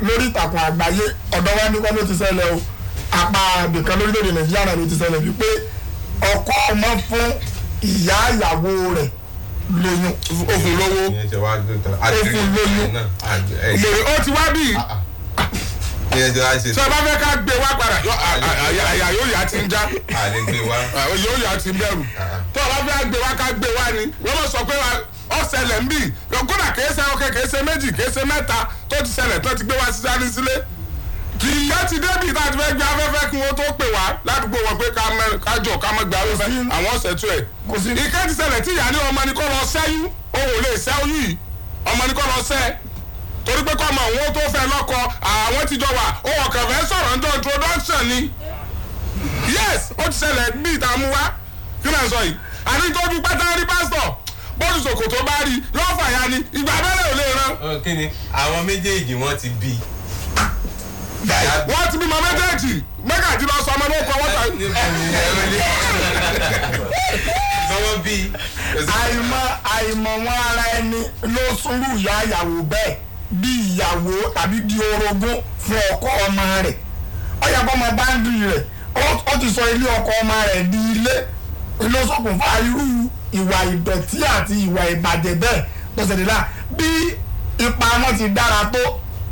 lórí ìtàkùn àgbáyé ọ̀dọ́ wa ní kọ́ ló ti ṣẹlẹ̀ o apá nìkan lórílẹ̀ nàìjíríà náà ló ti ṣẹlẹ̀ wípé ọkọ ọmọ fún ìyá ìyàwó rẹ̀ lóyún òfin lówó òfin lóyún lóyún ó ti wá bíi. Ah, ah tí a bá fẹ́ ká gbé wá padà àyà yóò yà á ti ń já yóò yà á ti ń bẹ̀rù tí a bá fẹ́ gbé wá ká gbé wá ni wọ́n mọ̀ sọ pé ọ̀sẹ̀lẹ̀ ń bì kódà kìí ṣe ọkẹ́ kìí ṣe méjì kìí ṣe mẹ́ta tó ti ṣẹlẹ̀ tó ti gbé wá sí sáré sílé kì í yẹ́ ti débì tá a ti fẹ́ gbé afẹ́fẹ́ kí wọ́n tó pè wá ládùúgbò wọn pé ká jọ ká mọ́ gbà afẹ́fẹ́ àwọn ọ̀sẹ̀ tó ẹ̀. ìkẹ́ ti ṣẹlẹ̀ tí ìyá ní ọmọ ni lọ sẹ́yìn òun ò lè sẹ́ ọmọ ni lọ sẹ́ torí pé kọ́mọ àwọn tó fẹ́ lọ́kọ àwọn ti jọ wà ohun ọ̀kàn fẹ́ sọ̀rọ̀ ń jọ introduction ni yes ó ti ṣẹlẹ̀ bí ìta mú wá kí náà sọ yìí àní tó dúpẹ́ tá a rí pásítọ̀ bọ́ọ̀lù sòkòtò bá rí yóò fàyà ni ìgbà abẹ́rẹ́ ò lè ran. kí ni àwọn méjèèjì wọn ti bí i wọ́n ti bímọ méjèèjì mẹ́gàdì lọ sọ ọmọ ló kọ wọ́n ta. sọmọ bíi. àìmọ̀ àìmọ̀ wọn ara ẹni ló sùúrù ìyá ìyàwó bẹ́ẹ̀ di ìyàwó tàbí di orogún fún ọkọ ọmọ rẹ̀ ọyà kọ́ máa báńdìrì rẹ̀ ó ti sọ ilé ọkọ ọmọ rẹ̀ di ilé ló ṣokùnfà irú ìwà ìdọ̀tí àti ìwà ìbàjẹ́ bẹ́ẹ̀ tó ṣẹlẹ̀ náà bí ipa wọn ti dára tó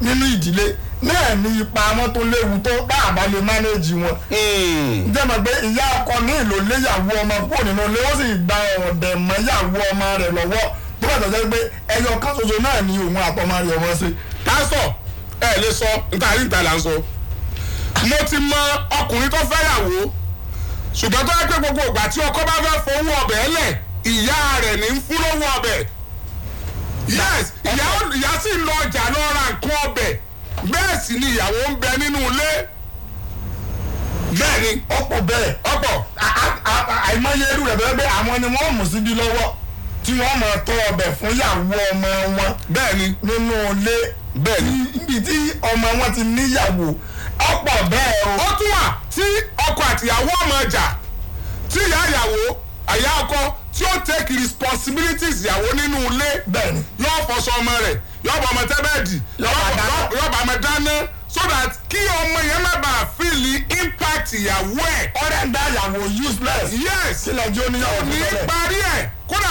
nínú ìdílé náà ní ipa wọn tó léwu tó bá àbálẹ mánéèjì wọn. Hmm. jẹ́mọ̀ pé ìyá ọkọ ní ìlò léyàwó ọmọ kúrò nínú ilé ó sì gba ọ̀dẹ̀ mọ́yàwó ọmọ rẹ̀ lọ́wọ́ bí wàá pé ẹyọ náà ni òun ọmọ pásítọ̀ ẹ lè sọ nta là ń sọ mo ti mọ ọkùnrin tó ṣùgbọ́n tó yẹ pé gbogbo ìgbà tí ọkọ bá fẹ́ fowó ọbẹ̀ ẹlẹ̀ ìyá rẹ̀ ní ń fún lówó ọbẹ̀ yes ìyá sì ń lọ ọjà lọ ra nǹkan ni ìyàwó ń tí wọ́n máa tọ́ ọbẹ̀ fún ìyàwó ọmọ wọn. bẹ́ẹ̀ni nínú ilé. bẹ́ẹ̀ni níbi tí ọmọ wọn ti níyàwó ọ̀pọ̀ bẹ́ẹ̀ o. ó tún wà tí ọkọ àtìyàwó ọmọ ọjà tí ìyá ìyàwó àyà ọkọ tí ó take responsibilities ìyàwó nínú ilé. bẹ́ẹ̀ni yóò fọṣọ ọmọ rẹ̀ yóò bọ ọmọ tẹ́bẹ̀ẹ̀dì yóò bá ọmọ dáná so that kí ọmọ yẹn má bàa feel impact ìyàwó ẹ̀. ọ̀rẹ́ ń dá ìyàwó useless. yes kí lẹ́jọ́ oníyàwó fi lọ́lẹ̀. kò ní parí ẹ̀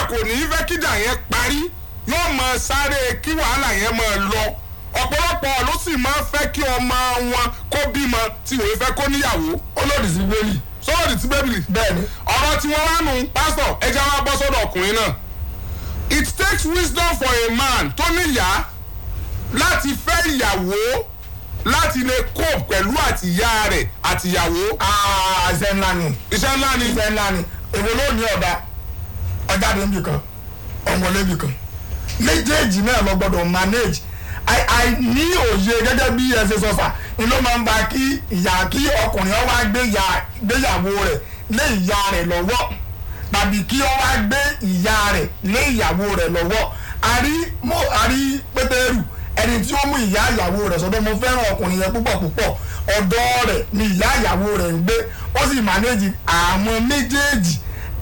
kò ní fẹ́ kíjà yẹn parí yóò máa sáré kí wàhálà yẹn máa lọ ọ̀pọ̀lọpọ̀ ló sì máa fẹ́ kí ọmọ wọn kó bímọ tí wọ́n fẹ́ kó níyàwó. ó sí bẹ́ẹ̀lì. sọ́wọ́dì sí bẹ́ẹ̀lì. bẹ́ẹ̀ni. ọ̀rọ̀ tí wọ́n wá nù pásítọ̀ ẹja wa bọ́ sọ́dọ̀ ọkùnrin náà. it takes wisdom for a man tó níyà láti fẹ́ ìyàwó láti lè cope pẹ̀lú àtìyá rẹ̀ àtìyàwó. àà ah, iṣẹ́ ńlá ni. iṣẹ́ ńlá ni. iṣẹ́ ńlá ni. èwo ló ní ọ̀dà ọ̀jáde ń bì kan ọ̀wọ́lé bì kan méjèèjì náà lọ gbọ́dọ̀ manage àìní òye gẹ́gẹ́ bí ẹ ṣe sọ́fà ni ló máa ń ba kí ìyá kí ọkùnrin ọ wá gbéyàwó rẹ̀ lé ìyá rẹ̀ lọ́wọ́ tàbí kí ọ wá gbé ìyá rẹ̀ lé ìyàwó rẹ̀ lọ́wọ́ àrí mo àrí pétérù ẹni tí ó mú ìyá ìyàwó rẹ̀ sọ́dọ̀ mo fẹ́ràn ọkùnrin yẹn púpọ̀ púpọ̀ ọ̀dọ̀ rẹ̀ ni ìyá ìyàwó rẹ̀ ń gbé ó sì mánéjì àwọn méjèèjì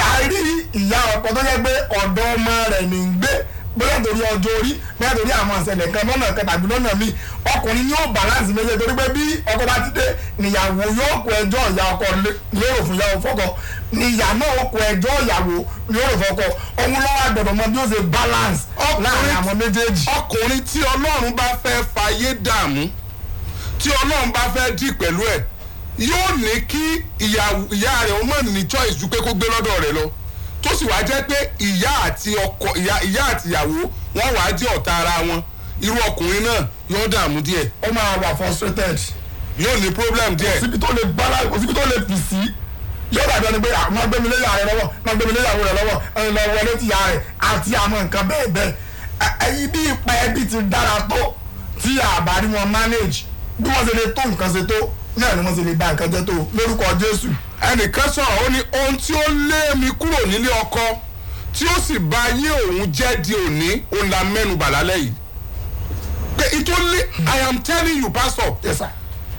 a rí ìyá ọkọ tó jẹ́ pé ọ̀dọ̀ ọmọ rẹ̀ ní í gbé bóyá torí ọjọ́ orí bóyá torí àwọn ìṣẹ̀lẹ̀ kan lọ́nà kan tàbí lọ́nà míì ọkùnrin yóò balance méje torí pé bí ọkọ bá ti dé níyàwó yóò kó ẹjọ́ ìyá ọkọ lérò fún ìyàwó fọ́kọ níyà náà kó ìyàwó lérò fọ́kọ òun lọ́wọ́ àgbẹ̀dọ̀ mọ bí ó ṣe balance láàrin àwọn méjèèjì. ọkùnrin tí ọlọ́run bá fẹ́ fayé dààmú tí ọlọ́run bá fẹ́ dì pẹ̀lú ẹ̀ yóò ní kí ìyá rẹ̀ ọmọ ní choice ju pé kó gbé lọ́dọ̀ rẹ̀ lọ tó sì wá jẹ́ pé ìyá àti ọkọ ìyá àti ìyàwó wọ́n wá jẹ́ ọ̀tá ara wọn irú ọkùnrin náà yóò dààmú díẹ̀. ó máa wà frustrated. yóò ní problem díẹ̀. kò tó lè bala kò tó lè fì sí yóò dàbí ẹni pé ah, máa gbé mi lé ìyá rẹ lọ́wọ́ máa gbé mi lé ìyàwó rẹ lọ́wọ́ ẹni lọ wọlé ti ìyá rẹ àti àwọn nǹkan bẹ́ẹ̀ bẹ́ẹ̀ ẹyin bí ipa ẹbí ti dára tó tí àbárí wọn manage bí wọ́n ṣe lè tó nǹkan ṣe tó náà ni wọ́n ti lè ba nǹkan jẹ́ tó lórúkọ Jésù. ẹnìkan sọ̀rọ̀ ó ní ohun tí ó lé mi kúrò nílé ọkọ tí ó sì ba ayé òun jẹ́ di òní òun la mẹ́nubà lálẹ́ yìí. pé ìtò I am telling you pastor. Yes, sir.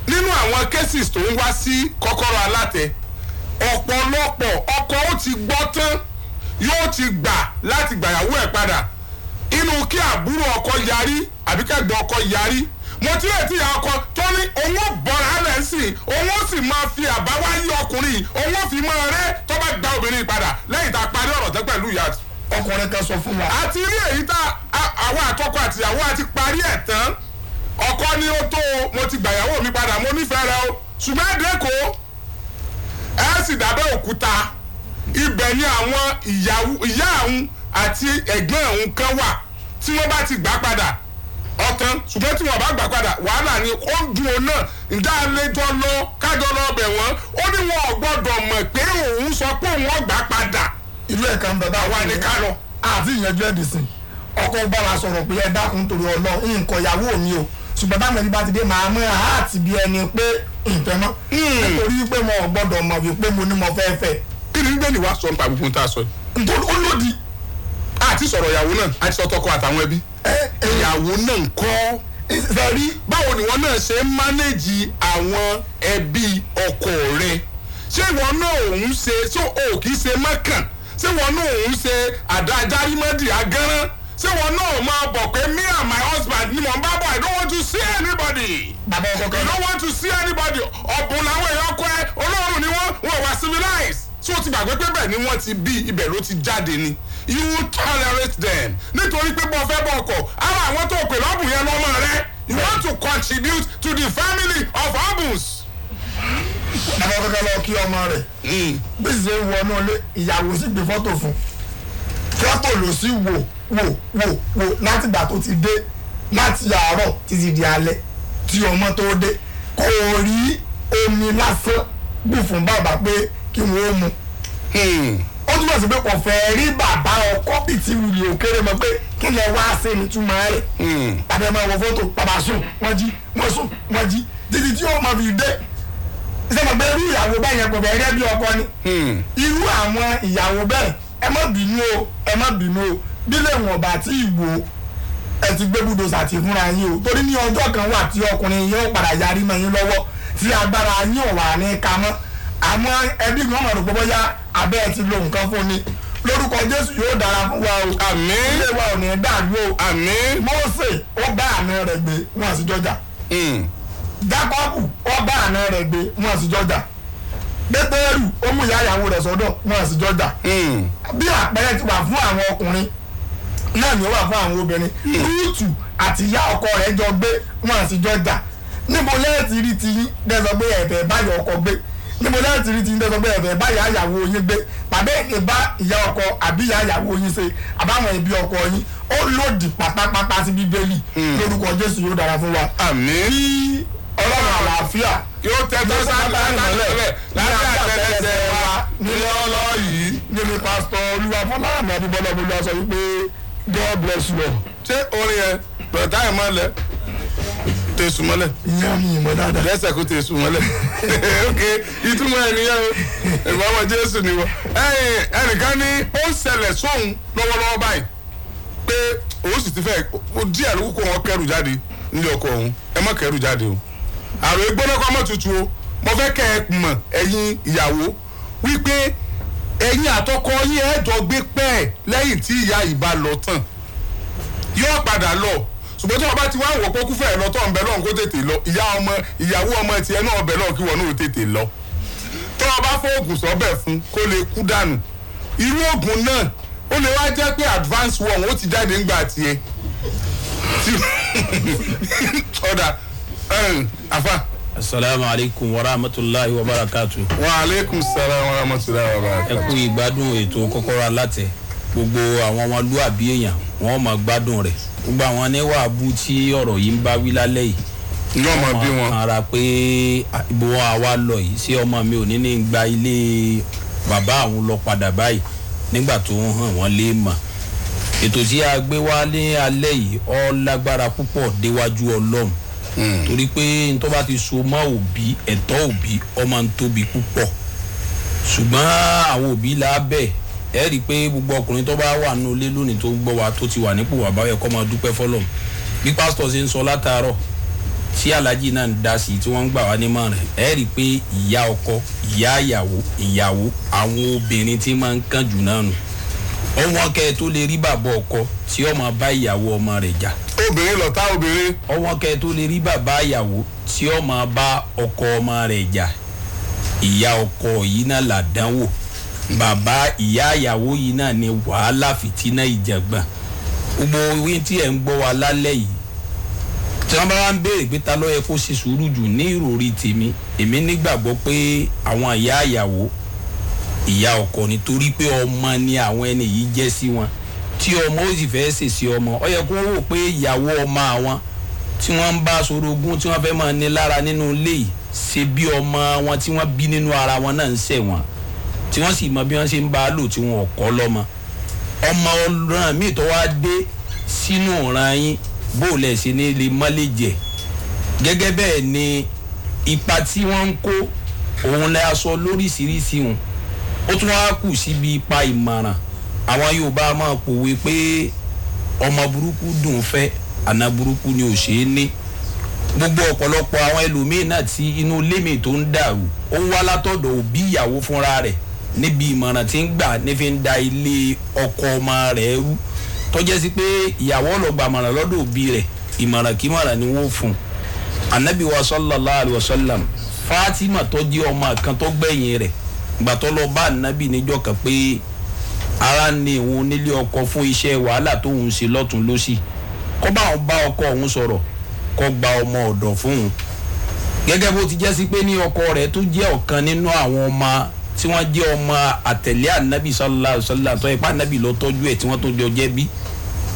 nínú àwọn cases tó ń wá sí kọ́kọ́rọ́ alátẹ ọ̀pọ̀lọpọ̀ ọkọ ó ti gbọ́ tán yóò ti gbà láti gbàyàwó ẹ̀ padà inú kí àbúrò ọkọ yarí àbíkẹ́gbẹ́ ọkọ yarí mo ti retí ìyá ọkọ tó ní òun ò bọ̀rọ̀ alẹ̀ sí i òun ó sì máa fi àbáwáyé ọkùnrin yìí òun ó fi máa rẹ́ tó bá gba obìnrin padà lẹ́yìn tá a parí ọ̀rọ̀ tẹ́ pẹ̀lú ìyá ọkùnrin kan sọ fún wa. àti rí èyí tá àwa àtọkọ àtìyàwó àti parí ẹ̀ tán ọkọ ni ó tó o mo ti gbàyàwó mi padà mo nífẹ̀ẹ́ rẹ o ṣùgbọ́n ẹ̀dẹ́kọ̀ ẹ sì dábẹ́ òkúta ibẹ̀ ni àwọn ìyá àwọn àti ẹ̀gbọ́n òun kan wà tí wọ́n bá ti gbà ọ̀tán ṣùgbọ́n tí wọ́n bá gbà wàhálà ni ó ń náà lọ lọ ó ní wọn ò gbọ́dọ̀ mọ̀ pé òun sọ pé òun ọgbà padà. ìlú ẹ̀ka ń bàbá wa ni àti ìyẹn jẹ́ ọkọ bá wa sọ̀rọ̀ ẹ dákun torí ọlọ nǹkan ìyàwó o ṣùgbọ́n bá mẹ́rin bá ti dé mú bí ẹni pé hmm, hmm. nítorí pé ò gbọ́dọ̀ ìyàwó náà ń kọ́ sẹ́rí báwo ni wọ́n náà ṣe ń mánéjì àwọn ẹbí ọkọ rẹ̀ ṣé ìwọ náà òun ṣe ṣé o kì í ṣe mọ́kàn ṣé ìwọ náà òun ṣe àdájá rímọ́dì agánrán ṣé ìwọ náà máa bọ̀ pé me and my husband ni mò ń bá bọ̀ i don't want to see anybody i don't want to see anybody ọ̀bùn làwọn èèyàn kọ́ ẹ gbàgbé bẹ́ẹ̀ ni wọ́n ti bí ibẹ̀ ló ti jáde ni you tolerate them nítorí pé bọ́ fẹ́ bọ́ ọkọ̀ ara àwọn tó pè lọ́bùn yẹn lọ́mọ rẹ you want to contribute to the family of Abu's? àwọn kankan lọ kí ọmọ rẹ hmm. bí ṣe wọnú ilé ìyàwó sì gbé fọ́tò fún fọ́tò ló sì wò wò wò wò láti ìgbà tó ti dé láti àárọ̀ títí di alẹ́ tí ọmọ tó dé kò rí omi lásán bí fún bàbá pé kí wọ́n ó mu. Hmm. ó túmọ̀ sí pé kò fẹ́ rí bàbá ọkọ bíi ti wùlì òkèrè mọ̀ pé kí lẹ wá ṣe ní túmọ̀ rẹ̀ tàbí hmm. ẹ máa wọ fọ́tò bàbá sùn wọ́n jí wọ́n sùn wọ́n jí títí tí ó máa fi dé ṣé mo gbé irú ìyàwó bẹ́ẹ̀ yẹn kò fẹ́ rẹ́ bí ọkọ ni hmm. irú àwọn ìyàwó bẹ́ẹ̀ ẹ má bínú o ẹ má bínú o bílẹ̀ wọn bá tí ì wò ẹ ti gbé budosa ti fúnra yín o torí ní ọjọ́ kan wà tí ọkùnrin yóò padà yarí mọ́ yín lọ́wọ́ tí agbára yín ò wà ní kamọ́ àwọn ẹbí kan mọ̀ rògbò bóyá abẹ́ ẹ ti lo nǹkan fún ni lórúkọ jésù yóò dára fún wa o àmín ilé wa ò ní dàrú o àmín mósè ó bá àna rẹ̀ gbé wọn sì jọjà hmm. jákọ́bù ó bá àna rẹ̀ gbé wọn sì jọjà pétérù ó mú ìyá ìyàwó rẹ̀ sọ́dọ̀ wọn sì jọjà hmm. bí àpẹẹrẹ ti wà fún àwọn ọkùnrin náà ni ó wà fún àwọn obìnrin rúùtù hmm. àti ìyá ọkọ rẹ̀ jọ gbé wọn sì jọjà níbo lẹ́ẹ̀tì rí ti yín dẹ́sọ̀ pé ẹ̀fẹ̀ báyọ̀ ọkọ gbé níbo láti rí ti ń tẹ́sọ pé ẹ̀fẹ̀ bá ìyá ìyàwó yín gbé tàbí ẹ̀ bá ìyá ọkọ àbí ìyá ìyàwó yín ṣe àbáwọn ẹbí ọkọ yín ó lòdì pátápátá sí bíbélì hmm. lórúkọ jésù yóò dára fún wa. àmín. kí ọlọ́run àlàáfíà. yóò tẹ́tọ́ sábà nílẹ̀ wa nílẹ̀ ọlọ́ yìí. níbi pásítọ̀ olúwa fọláhàn àdúgbò lọ́gbọ̀lọ́ sọ wípé God bless you. ṣé orin yẹn pẹ̀lú táyà máa lẹ̀ tẹ sùn mọ́lẹ̀. ìyá mi ìmọ̀ dáadáa. tẹ sùn mọ́lẹ̀. ok ìtumọ̀ ẹ̀ nìyẹn o ìbámu jésù ni wọ́n. ẹnìkan ní ó ń ṣẹlẹ̀ sóhun lọ́wọ́lọ́wọ́ báyìí pé òun sì ti fẹ́ díẹ̀ ló kó wọn kẹrù jáde nílé ọkọ òun ẹ má kẹrù jáde o. àròyé gbóná kọ́ mọ́ o mo fẹ́ kẹ́ ẹ mọ̀ ẹ̀yin ìyàwó wípé ẹ̀yin àtọkọ yín ẹ̀ẹ́dọ̀ gbé pẹ́ẹ́ lẹ́yìn tí ìyá ìbá lọ tán yóò padà lọ ṣùgbọ́n tí wọ́n bá ti wá wọ̀ pọ́kú fẹ́ lọ tó ń bẹ lọ́n kó tètè lọ ìyá ọmọ ìyàwó ọmọ tiẹ̀ náà bẹ lọ́n kí wọn náà tètè lọ tí wọ́n bá fóògùn sọ́bẹ̀ fún kó lè kú dànù irú oògùn náà ó lè wá jẹ́ pé advance one ó ti jáde ńgbà tiẹ̀ ọ̀dà àfa. asalaamu aleykum wa rahmatulahi wa barakatu. wa aleykum salaam wa rahmatulahi wa barakatu. ẹ kú ìgbádùn ètò kọ́kọ́rọ́ alátẹ gbogbo àwọn ọmọlúwàbí èèyàn wọn máa gbádùn rẹ̀ gbogbo àwọn níwà abú tí ọ̀rọ̀ yìí ń bá wí lálẹ́ yìí yóò máa bí wọn. ara pé ibo àwa lọ yìí ṣé ọmọ mi ò ní ní gba ilé bàbá àwọn lọ padà báyìí nígbà tó ń hàn wọ́n lè mọ̀ ètò tí a gbé wá ní alẹ́ yìí ó lágbára púpọ̀ déwájú ọlọ́run hmm. torí pé tó bá ti so mọ́ òbí ẹ̀tọ́ òbí ọmọ ń tóbi púpọ̀ ṣùgbọ́n àwọn òbí la bẹ́ẹ̀ ẹ rí i pé gbogbo ọkùnrin tó bá wà nínú ilé lónìí tó gbọ́ wa tó ti wà nípò wà báyọ̀ kọ́ máa dúpẹ́ fọlọ́ bí pásítọ̀ ṣe ń sọ látàárọ̀ tí aláàjì náà ń da sí tí wọ́n ń gbà wá nímọ̀ràn ẹ rí i pé ìyá ọkọ ìyá ìyàwó ìyàwó àwọn obìnrin tí máa ń kàn jù náà nù ọwọ́n kẹ́ ẹ tó lè rí bàbá ọkọ tí ọmọ bá ìyàwó ọmọ rẹ̀ jà. obìnrin lọ́tà obìnrin. ọwọ́n kẹ́ tó lè rí bàbá ìyàwó tí ọmọ bá ọkọ ọmọ rẹ̀ jà ìyá ọkọ yìí náà là dánwò bàbá ìyá ìyàwó yìí náà ni wàhálà fìtínà ìjàngbọ̀n gbogbo owó tí ẹ̀ ń gbọ́ wa lálẹ́ yìí tí wọ́n bá wá ń béèrè pé ta ló yẹ kó ṣe sùúrù jù ní ìròrí tèmi èmi nígbàgbọ́ pé àwọn ìyá ìyàwó ìyá ọkọ nítorí pé ọmọ ni àwọn ẹni yìí jẹ́ sí wọn tí ọmọ ó sì fẹ́ẹ́ ṣèṣe ọmọ ó yẹ kó wò pé ìyàwó ọmọ àwọn tí wọ́n ń bá sorogún tí wọ́n fẹ́ máa ní lára nínú ilé yìí ṣe bí ọmọ wọn tí wọ́n bí nínú ara wọn náà ń ṣẹ̀ wọ́n tí wọ́n sì mọ bí wọ́n ṣe ń bá a lò tí wọ́n kọ́ lọ́mọ ọmọ ọ̀ràn míì tó wá dé sínú ọ̀ràn yín bóòlù ẹ̀sìn ní lè má lè jẹ gẹ́gẹ́ bẹ́ẹ̀ ni ipa tí wọ́n ń kó òun la sọ lóríṣiríṣi hùn ó tún wá kù síbi ipa ìmọ̀ràn àwọn Yorùbá máa pòwe pé ọmọ burúkú dùn fẹ́ àna burúkú ni ò ṣeé ní gbogbo ọ̀pọ̀lọpọ̀ àwọn ẹlòmíín náà tí inú ilé tó ń dàrú ó wá látọ̀dọ̀ òbí ìyàwó fúnra rẹ̀ níbi ìmọ̀ràn tí ń gbà nífi ń da ilé ọkọ ọmọ rẹ̀ rú tọ́jẹ́ sí pé ìyàwó ọlọ́gbàmọ̀ràn lọ́dọ̀ òbí rẹ̀ ìmọ̀ràn kí mọ̀ràn ni wọ́n fún un anabi wa sallallahu alayhi wa sallam fatima tó di ọmọ kan tó gbẹ̀yìn rẹ̀ gbàtọ́ lọ bá anabi níjọ́ kan pé ara ni òun nílé ọkọ fún iṣẹ́ wàhálà tó ń ṣe lọ́tún lọ́sì kó bá òun bá ọkọ òun sọ̀rọ̀ kó gba ọmọ ọ̀dọ̀ fún un gẹ́gẹ́ bó ti jẹ́ sí pé ní ọkọ rẹ̀ tó jẹ́ ọ̀kan nínú àwọn ọmọ tí wọ́n jẹ́ ọmọ àtẹ̀lé ànábì sallallahu alaihi wasallam tó ipá ànábì ló tọ́jú ẹ̀ tí wọ́n tó jọ jẹ́ bí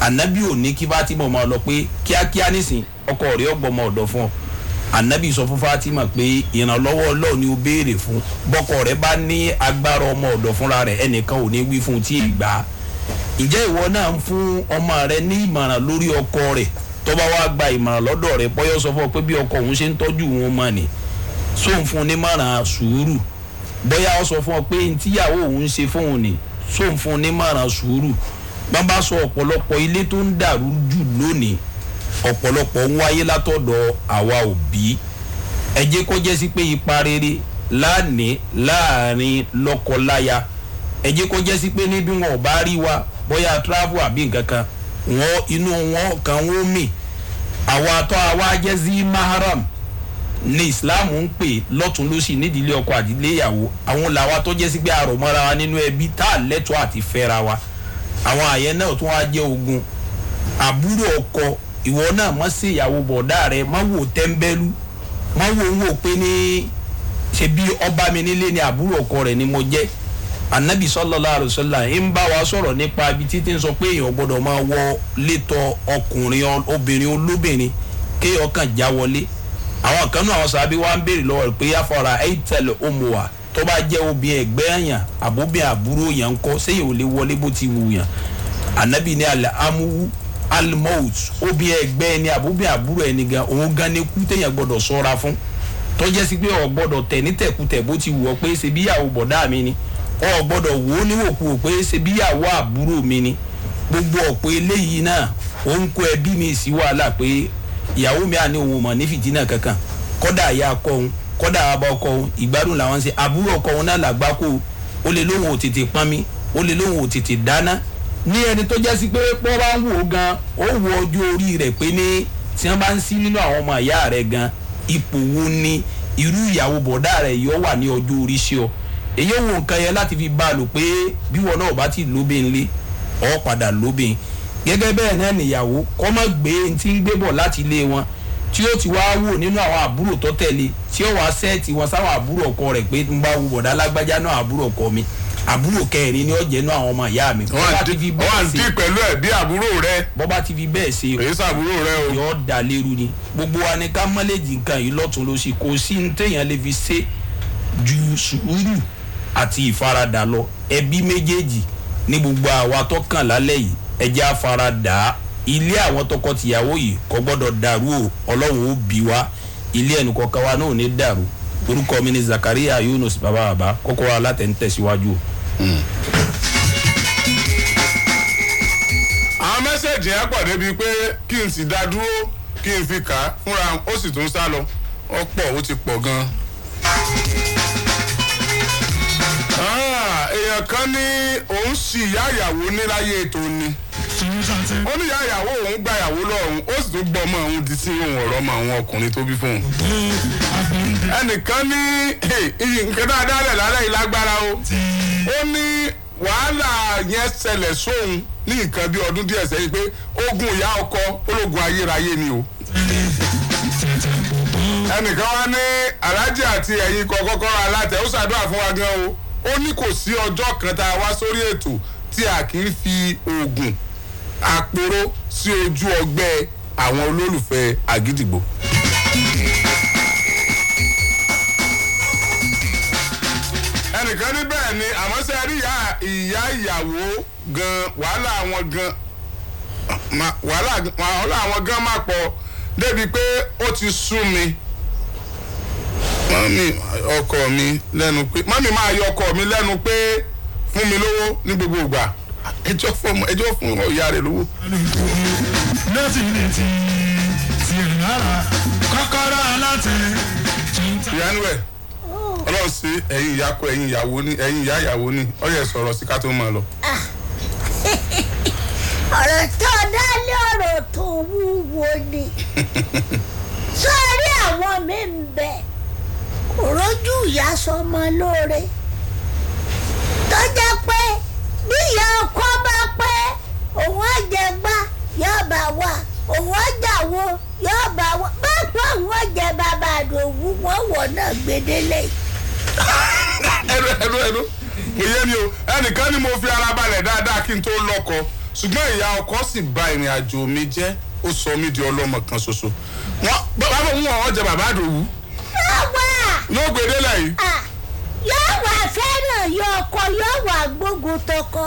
ànábì ò ní kí fatima máa lọ pé kíákíá nísìn ọkọ rẹ̀ ọgbọmọ ọ̀dọ̀ fún ọ ànábì sọ fún fatima pé ìrànlọ́wọ́ ọlọ́run ni ó béèrè fún bọ́kọ rẹ̀ bá ní agbára ọmọ ọ̀dọ̀ fúnra rẹ̀ ẹnìkan ò ní wí fún tí ì gbà á ǹjẹ́ ìwọ náà ń fún ọmọ rẹ ní ìmọ̀ràn lórí ọkọ rẹ̀ tó bá wá gba ìmọ̀ràn lọ́dọ̀ rẹ̀ bọ́yọ̀ sọ fún ọ pé bí ọkọ òun ṣe ń tọ́jú wọn mọ̀ ni sóun fún un ní mọ̀ràn sùúrù bóyá ó sọ fún ọ pé ntíyàwó òun ṣe fóun ni sóun fún un ní márùn sùúrù bá bá sọ ọ̀pọ̀lọpọ̀ ilé tó ń dàrú jù lónìí ọ̀pọ̀lọpọ̀ ń wáyé látọ̀dọ̀ àwa òbí ẹ jẹ́ kó jẹ́ sí pé ipa rere lánìí láàrin lọ́kọ-láya ẹ kó jẹ́ sí pé níbi wọn ò rí wa bóyá travel àbí nǹkan kan wọn inú wọn kan wọn mì àwa tó àwa jẹ́ sí maharam. ní islam ń pè lọ́tún lósì nídìílé ọkọ àdílé ìyàwó àwọn làwa tó jẹ́ sí pé àròmọ́ra wa nínú ẹbí tá a lẹ́tọ̀ọ́ àti fẹ́ra wa àwọn àyẹn náà tún wá jẹ́ ogun àbúrò ọkọ ìwọ náà mọ́ sí ìyàwó bọ̀dá rẹ má wò tẹ́ńbẹ́lú má wò ń wò pé ní ṣe bí ni àbúrò ọkọ rẹ ni mo jẹ́ anabi sọlọlá àrùsọlá ń wa sọ̀rọ̀ nípa ibi títí sọ pé èèyàn gbọ́dọ̀ máa wọ létọ ọkùnrin obìnrin olóbìnrin kéèyàn kàn já àwọn kan náà àwọn sábà wá ń béèrè lọ́wọ́ rẹ̀ pé afọra airtel omowa tó bá jẹ́ obìnrin ẹ̀gbẹ́ yàn àbóbìn àbúrò yàn ń kọ́ sẹ́yìn ò lè wọlé bó ti wù yàn ànábì ní alẹ́ amúwú almout obìnrin ẹ̀gbẹ́ ẹni àbóbìn àbúrò ẹni gan òun gan ni kú téèyàn gbọ́dọ̀ sọ́ra fún tọ́jẹ́ sí pé ọ̀ tẹ̀ ní tẹ̀kútẹ̀ bó ti wù ọ́ pé ṣe bíyàwó bọ̀dá mi ni ọ wò ó níwòkú o pé ṣe bíyàwó àbúrò mi ni gbogbo ọ̀pọ̀ eléyìí náà ó ń kó ẹbí mi sí wàhálà pé ìyàwó mi àní òun mọ̀ ní fìtínà kankan kọ́dà ìyá ọkọ òun kọ́dà àbá ọkọ òun ìgbádùn làwọn ń ṣe àbúrò ọkọ òun náà làgbákò ó lè lóhùn òtètè pọnmi ó lè lóhùn òtètè dáná ní ẹni tó jẹ́ sí pé pọ́ bá ń wò gan ó wọ ojú orí rẹ̀ pé ní tí wọ́n bá ń sí nínú àwọn ọmọ ìyá rẹ̀ gan ipò wo ni irú ìyàwó bọ̀dá rẹ̀ yọ wà ní ọjọ́ orí sí ọ èyí ò wò nǹkan yẹn láti fi bá a lò pé bí wọn náà bá ti lóbìn lé ọ padà lóbìn gẹ́gẹ́ bẹ́ẹ̀ náà nìyàwó kọ́ mọ̀ gbé tí ń gbé bọ̀ láti ilé wọn tí ó ti wá wò nínú àwọn àbúrò tó tẹ̀lé tí ó wá sẹ́ẹ̀tì wọn sáwọn àbúrò ọkọ rẹ̀ pé ń bá wù bọ̀dá lágbájá náà àbúrò ọkọ mi àbúrò kẹrin ni ó jẹ́ náà àwọn ọmọ ìyá mi. bọ́bá ti fi bẹ́ẹ̀ ṣe wọ́n pẹ̀lú ẹ̀ bí àbúrò rẹ. bọ́bá ti fi bẹ́ẹ̀ ṣe o. èyí sàbúrò rẹ o. yọ da lérú ni gbogbo wa ni ká mọ́lẹ́jì nǹkan yìí lọ́tún lọ́sí kò sí ní téèyàn lè fi ṣe ju sùúrù àti ìfaradà lọ ẹbí méjèèjì ní gbogbo àwa tó kàn lálẹ́ yìí ẹjẹ́ afárádá ilé àwọn tọkọtìyàwó yìí kò gbọ́dọ̀ dàrú o ọlọ́run ó bí wa ilé ẹnì kọ̀ọ̀kan wa náà ní dàrú orúkọ mi ni zakaria yunus bàbá bàbá kókó wa látẹ̀ ń tẹ̀síwájú. Hmm. àwọn mẹ́sẹ̀gì yẹn pọ̀ débi pé kí n sì dá dúró kí n fi kà á fúnra ó sì tún sá lọ ó ó ti pọ̀ gan-an. Ah, èèyàn kan ní òun sì ìyá ìyàwó níláyé ètò ni ó ní ìyá ìyàwó òun gba ìyàwó lọ́rùn ó sì tún gbọ́ ọmọ òun di sí òun ọ̀rọ̀ ọmọ àwọn ọkùnrin tóbi fún fóun. ẹnìkan ní nǹkan dáadáa lẹ̀ lálẹ́ yìí lágbára o ó ní wàhálà yẹn ṣẹlẹ̀ sóun ní nǹkan bí ọdún díẹ̀ sẹ́yìn pé ogun ìyá ọkọ ológun ayérayé ni o ẹnìkan wá ní aláàjì àti ẹ̀yin kọ̀ọ̀kọ́kọ́ alátẹ̀ ó ṣàdúrà fún wa gan o. ó ní kò sí ọjọ́ kan tá a wá sórí ètò tí a kì í fi oògùn àpòrò sí ojú ọgbẹ́ àwọn olólùfẹ́ àgídìgbò. ẹnìkan ní bẹ́ẹ̀ ni àmọ́ ṣe rí ìyá ìyàwó gan wàhálà àwọn gan wàhálà àwọn gan máa pọ̀ débi pé ó ti sú mi. mami ọkọ mi lẹnu pé mọ́mì máa yọ ọkọ mi lẹnu pé fún mi lówó ní gbogbo ìgbà ẹjọ́ fún ẹjọ́ fún lówó. ni ti ti kọ́kọ́rọ́ ìyàwó ìyá sọ̀rọ̀ sí ká tó máa lọ. Ah. ọ̀rọ̀ tó dálé ọ̀rọ̀ tó wúwo ni sọ́ọ́rí àwọn mi òrójú ìyá sọmọ lóore tó pé bí ìyá ọkọ bá pé òun àjẹgbá yóò bá wà òun àjàwó yóò bá wà báàpọ̀ àwọn ọ̀jẹ̀ bàbá àdòwú wọn wọ̀ náà gbedele. ẹnu ẹnu ẹnu ìyẹn mi o ẹnìkan ni mo fi ara balẹ̀ dáadáa kí n tó lọ́kọ ṣùgbọ́n ìyá ọkọ sì bà ìrìn àjò mi jẹ́ ó sọ mí di ọlọ́mọ kan ṣoṣo wọn bàbá wọn ọ̀jẹ̀ bàbá àdòwú. yóò wà. ló gbèdé lẹ́yìn. Ah, yóò wà fẹ́ràn yọ ọkọ yóò wà gbógun tọkọ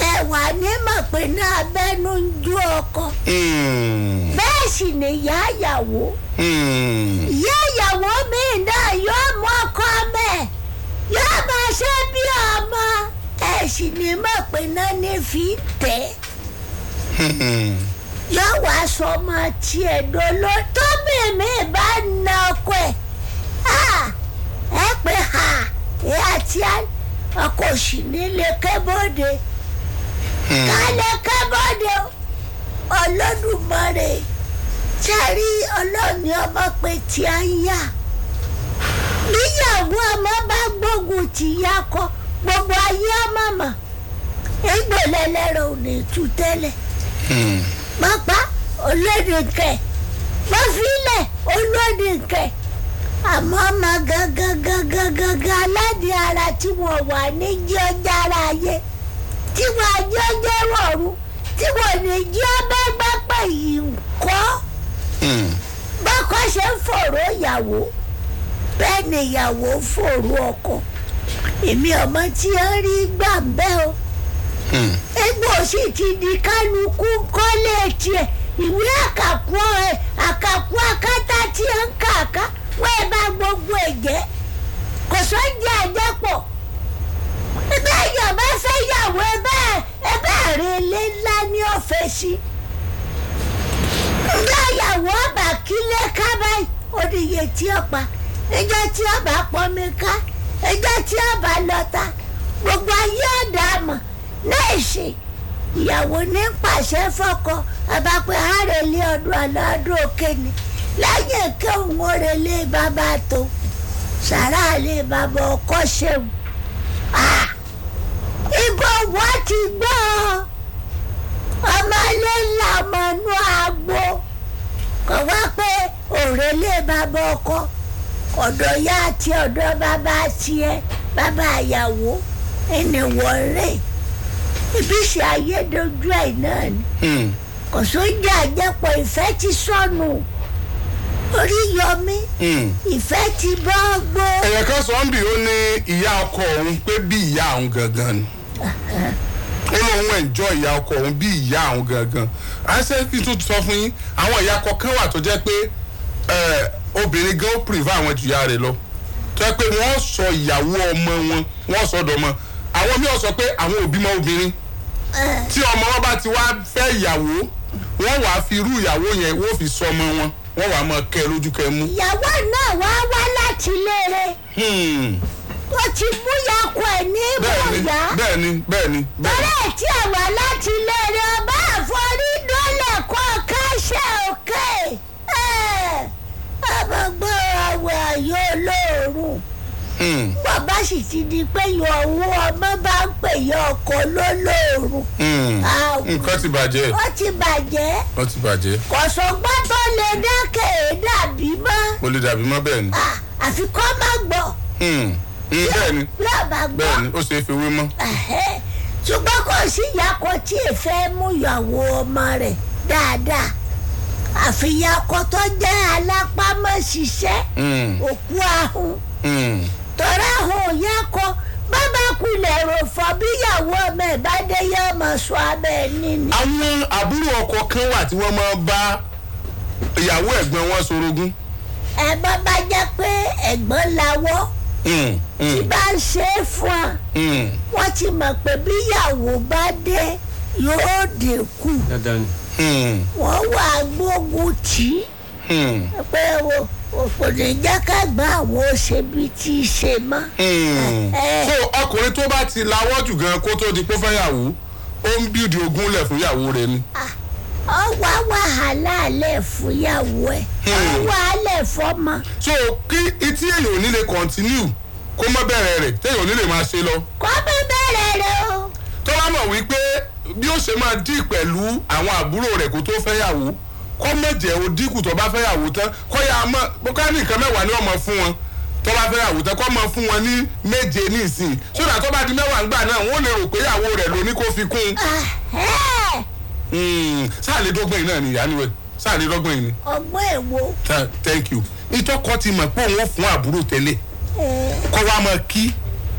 ẹ wà ní mọ̀ náà abẹ́nú ń ju ọkọ. Hmm. bẹ́ẹ̀ sì ni ìyá àyàwó. Hmm. ìyá àyàwó mi náà yóò mú ọkọ mẹ́ yóò máa ṣe bí ọmọ ẹ sì ni mọ̀ náà ní fi tẹ̀. Hmm. yóò wá sọmọ tiẹ̀ dolo tóbìnrin bá na ọkọ ẹ̀ ah! ẹ pé ha ah! ẹ àti ọkọ nílé kébóde hmm. kálẹ̀ kébóde ọlọ́ọ̀ni pé tí a ń yá bíyàwó ọmọ bá gbógun ti yá kọ gbogbo ayé ọmọ ò ní tú tẹ́lẹ̀. Hmm. bàbá olódìkẹ mo filẹ̀ olódìkẹ àmọ́ ọmọ gangangangangangan aládìí ara tí wọ́n wà ní jí ọjà ara yẹ tí wọ́n ajé ọjọ́ wọ̀rú tí wọ́n ní jí ọbẹ̀ gbápẹ̀ yìí kọ́ hmm. bọ́kọ ṣe ń fòrò ìyàwó bẹ́ẹ̀ ni ìyàwó ń fòrò ọkọ èmi ọmọ tí ó rí gbà ń o. Hmm. egbò sì ti di kálukú kọ́lé tiẹ̀ ìwé àkàkú àkàkú akátá tí ó ń kàká wọ́n ẹ bá gbogbo ẹ̀jẹ̀ kò sóúnjẹ àjẹpọ̀ bẹ́ẹ̀ yọ̀bá fẹ́ yàwó ẹ bẹ́ẹ̀ ẹ bẹ́ẹ̀ rí ilé ńlá ní ọ̀fẹ́ sí bẹ́ẹ̀ yàwó ọba kílé ká báyìí tí ó pa ẹjọ́ tí ọba pọnmi ká ẹjọ́ tí ọba lọ́ta gbogbo ayé ọ̀dà mọ̀ nẹ́ẹ̀sì ìyàwó ní pàṣẹ fọ́kọ ọba pé àrèlé ọdún ọlọ́dún òkè ni lẹ́yìn kí òun ó relé bàbá tó sàrà lè bàbá ọkọ ṣeun ibo wọ́n ti gbọ́ ọmọ ilé làmọ́ inú agbo kò wá pé òrèlé bàbá ọkọ ọ̀dọ̀ ya àti ọ̀dọ̀ bàbá tiẹ̀ bàbá àyàwó ẹni wọ́n rèé ìgbésí ayé dojú ẹ̀ náà ni hmm. kò sójà àjẹpọ̀ ìfẹ́ ti sọnù orí yọmí hmm. ìfẹ́ ti bọ́ gbó. ẹ̀yẹ̀ kan sọ ń bì ó ní ìyá ọkọ òun pé bí ìyá òun gangan ni ó lóun ẹ̀jọ́ ìyá ọkọ òun bí ìyá òun gangan àṣẹ kí tó sọ fún yín àwọn ìyá kọ̀ọ̀kan wà tó jẹ́ pé eh, obìnrin gan ó pìrìfà àwọn ju ìyá rẹ̀ lọ tó jẹ́ pé wọ́n sọ ìyàwó ọmọ wọn wọ́n sọ ọ̀dọ̀ ọmọ àwọn míì sọ pé àwọn òbí mọ obìnrin tí ọmọ wọn bá ti wá fẹ́ ìyàwó wọ́n wàá fi irú ìyàwó yẹn wọ́n fi sọmọ wọn wọ́n wàá máa kẹ́ lójú kẹ́ mú. ìyàwó náà wá wá láti léèrè. o hmm. ti mú yakọ ẹ ní bóyá. bẹ́ẹ̀ni bẹ́ẹ̀ni. bẹ́ẹ̀ tí a wà láti léèrè ọba àforí dọ́là kọ́ káṣẹ́ òkè. ọmọ gbọ́dọ̀ wà yóò lóorùn bàbá hmm. sì ti di pé yọ owó ọmọ bá ń pè yọ ọkọ lólóòrùn. Hmm. Hmm, nǹkan ti bàjẹ́. ó ti bàjẹ́. ó ti bàjẹ́. kọ̀sọ̀gbọ́n tó lè dákẹ́ dàbí mọ́. mo lè dàbí mọ́ bẹ́ẹ̀ ni. àfi kọ́ má gbọ́. bẹ́ẹ̀ ni bẹ́ẹ̀ ni ó ṣe é fi wé mọ́. ṣùgbọ́n kò sí ìyá kan tí ì fẹ́ mú ìyàwó ọmọ rẹ̀ dáadáa àfihàn akọ tó jẹ́ alápámọ́ òkú ahun tọ́ra hàn yá kọ bàbá kulẹ̀ ròfọ́ bíyàwó ọmọ ẹ̀ bá dé yá ọmọ sọ abẹ́ ẹ̀ nínú. àwọn àbúrò ọkọ kan wà tí wọ́n máa bá ìyàwó ẹ̀gbọ́n wọn sorogún. ẹ̀gbọ́n bá jẹ́ pé ẹ̀gbọ́n lawọ́ hmm, hmm. tí bá ń ṣe é fún wa hmm. wọ́n ti mọ̀ pé bíyàwó bá dé yóò dínkù wọ́n wà gbógun tì í pé o kò ní jẹ́ ká gba àwọn òṣèbí tí í ṣe mọ́. Hmm. Eh, eh. so ọkùnrin tó bá ti lawọ́ jù gan kó tó di pé fẹ́yàwó ó ń bíìdì ogún lẹ̀ fún ìyàwó rẹ̀ ni. Ah, ó wá wàhálà lẹ̀ fún ìyàwó ẹ̀ hmm. ó wá lẹ̀ fọ́mọ. so kí etí èèyàn ò ní lè kọ́ntínú kó mọ́ bẹ̀rẹ̀ rẹ̀ téèyàn ò ní lè máa ṣe lọ. kó mọ́ bẹ̀rẹ̀ rẹ̀ o. tó bá mọ̀ wípé bí ó ṣe máa dì pẹ̀lú àwọn àbúrò rẹ̀ kó tó fẹ́yàwó kọ́ mẹ̀jẹ̀ ò dínkù tó bá fẹ́ yàwó tán kọ́ yà á mọ̀ ní nǹkan mẹ́wàá ni wọ́n mọ fún wọn tó bá fẹ́ yàwó tán kọ́ mọ fún wọn ní méje ní ìsìn sódà tó bá di mẹ́wàá nígbà náà wọ́n lè rò pé yàwó rẹ̀ ló kó fi kún un. Hmm, sáàlì dọ́gbọ̀n yìí náà nìyá ni wẹ̀ sáàlì dọ́gbọ̀n yìí ni. ọgbọ́n èwo. thank you ìtọ́kọ ti mọ̀ pé òun ó fún àbúrò tẹ́lẹ̀ kọ́ wa mọ̀ kí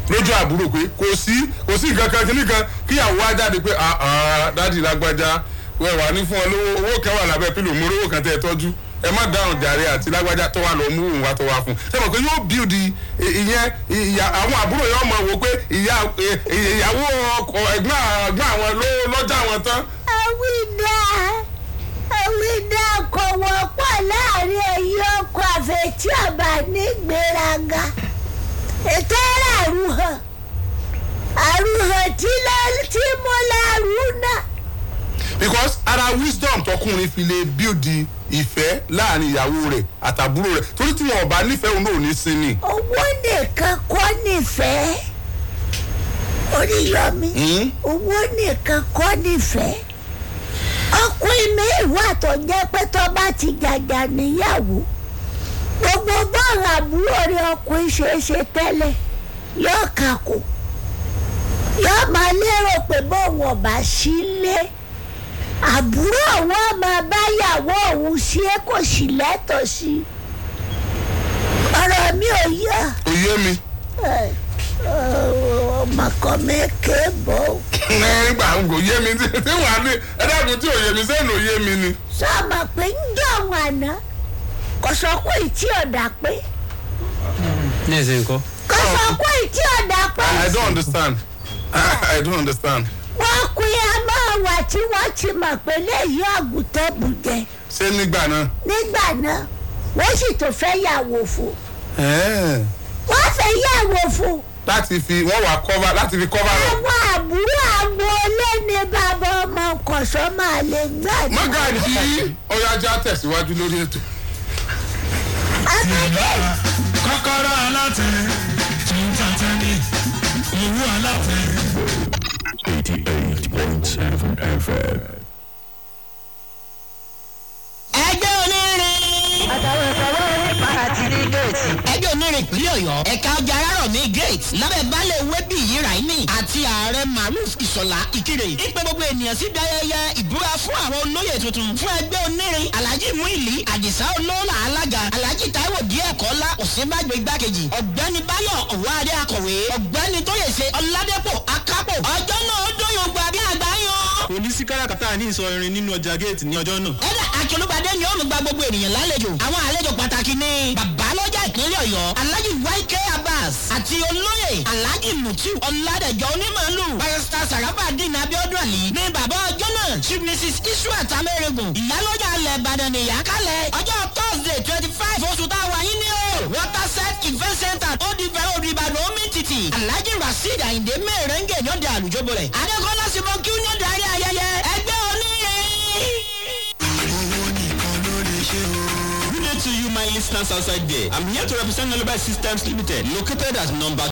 lójú àbúrò pé kò sí kò sí nǹkan kan kíníkan kíyàwó wa jáde pé ah, ah, dádì lágbájá wẹ̀ wà ní fún ọ lówó owó kan wà lábẹ́ mú rówó kan tẹ́ ẹ tọ́jú ẹ má dáhùn jàre àti lágbájá tó wà lọ mú òun wá tó wá fún ṣé mo pé yóò build ìyẹn ìyá àwọn àbúrò yóò mọ wò pé ìyá ìyàwó ọkọ ẹ̀gbọ́n àgbọn àwọn ló lọ́jà tán. àwí dáa kò wọ́pọ̀ láàrin èyí ọkọ̀ àfẹ́tí ọ̀bà ní ètò ẹ̀rọ àrùhàn àrùhàn tí mo lárú náà because ara wisdom tọkùnrin fi lè build ìfẹ́ láàrin ìyàwó rẹ̀ àtàbúrò rẹ̀ torí tí wọn ò bá nífẹ̀ẹ́ òun náà ní sí ni. owó nìkan kọ́ nífẹ̀ẹ́ oníyọmi hmm? owó nìkan kọ́ nífẹ̀ẹ́ ọkùnrin mi wà tó jẹ́ pé tó bá ti jàjà níyàwó gbogbo bọ́ọ̀lù àbúrò rẹ̀ ọkùnrin ṣe é ṣe tẹ́lẹ̀ yóò kàkó yóò máa lérò pé bọ́ọ̀wọ̀ bá sílé. Si àbúrò àwọn ọmọ báyàwó òun sí é kò sì sí i ọ̀rọ̀ mi ò yá. ò yé mi. ọmọ kan mi ké nígbà kò yé mi tí wàá ní tí ò yé mi yé mi ni. sọ́ọ̀mà pé ń àná kò sọ pé ìtí ọ̀dà pé. ní kò sọ pé ìtí ọ̀dà pé. I I don't understand. wọ́n pin a máa wà tí wọ́n ti mọ̀ pé léyìí àgùntàn bùjẹ. ṣé nígbà náà. nígbà náà wọ́n sì tó fẹ́ yàwó fún. wọ́n fẹ́ yàwó fún. láti fi wọ́n wà cover láti fi cover rẹ̀. àwọn àbúrò àwọn olóni bàbá ọmọ kọ̀sọ́ máa lè gbà. mọ́gàdì ọ̀yájà tẹ̀síwájú lórí ètò. àgbàdo. kọ́kọ́rọ́ aláàtẹ̀ tó ń tàtẹ́ ní owó aláàtẹ̀. 88.7 FM. I don't need it. olómìnira ìpínlẹ̀ ọ̀yọ́ ẹ̀ka ọjà arárọ̀mí gate lábẹ́ balẹ̀ wẹ́bì yìí raimi àti ààrẹ maruf ìṣọ̀lá ìkirè ìpè gbogbo ènìyàn síbi ayẹyẹ ìbúra fún àwọn olóyè tuntun fún ẹgbẹ́ onírin alhaji muili àdìsá olóòlà alága alhaji taiwo díẹ̀ kọ́lá òsínbàjò igbákejì ọ̀gbẹ́ni báyọ̀ ọ̀wáadé akọ̀wé ọ̀gbẹ́ni tóyèsè ọládẹ́pọ̀ akápò ọjọ́ náà ó d ní sí káràkátà ní ìsọ nínú ọjà gate ní ọjọ́ náà. kódà akínúbadé ni ó gbogbo ènìyàn lálejò àwọn àlejò pàtàkì ni bàbá ìpínlẹ̀ ọ̀yọ́ alhaji yk abbas àti olóyè alhaji mutiu ọ̀làdẹ̀jọ́ onímọ̀lù pásítà sàràfà dín abiodun ali ní bàbá ọjọ́ náà chief mrs israel tamẹ́rẹ́gùn ìyálọ́jà alẹ́ ìbàdàn nìyá kálẹ̀ ọjọ́ thursday twenty oṣù táwa yín ní outside there. I'm here to represent Nullabite Systems Limited, located at number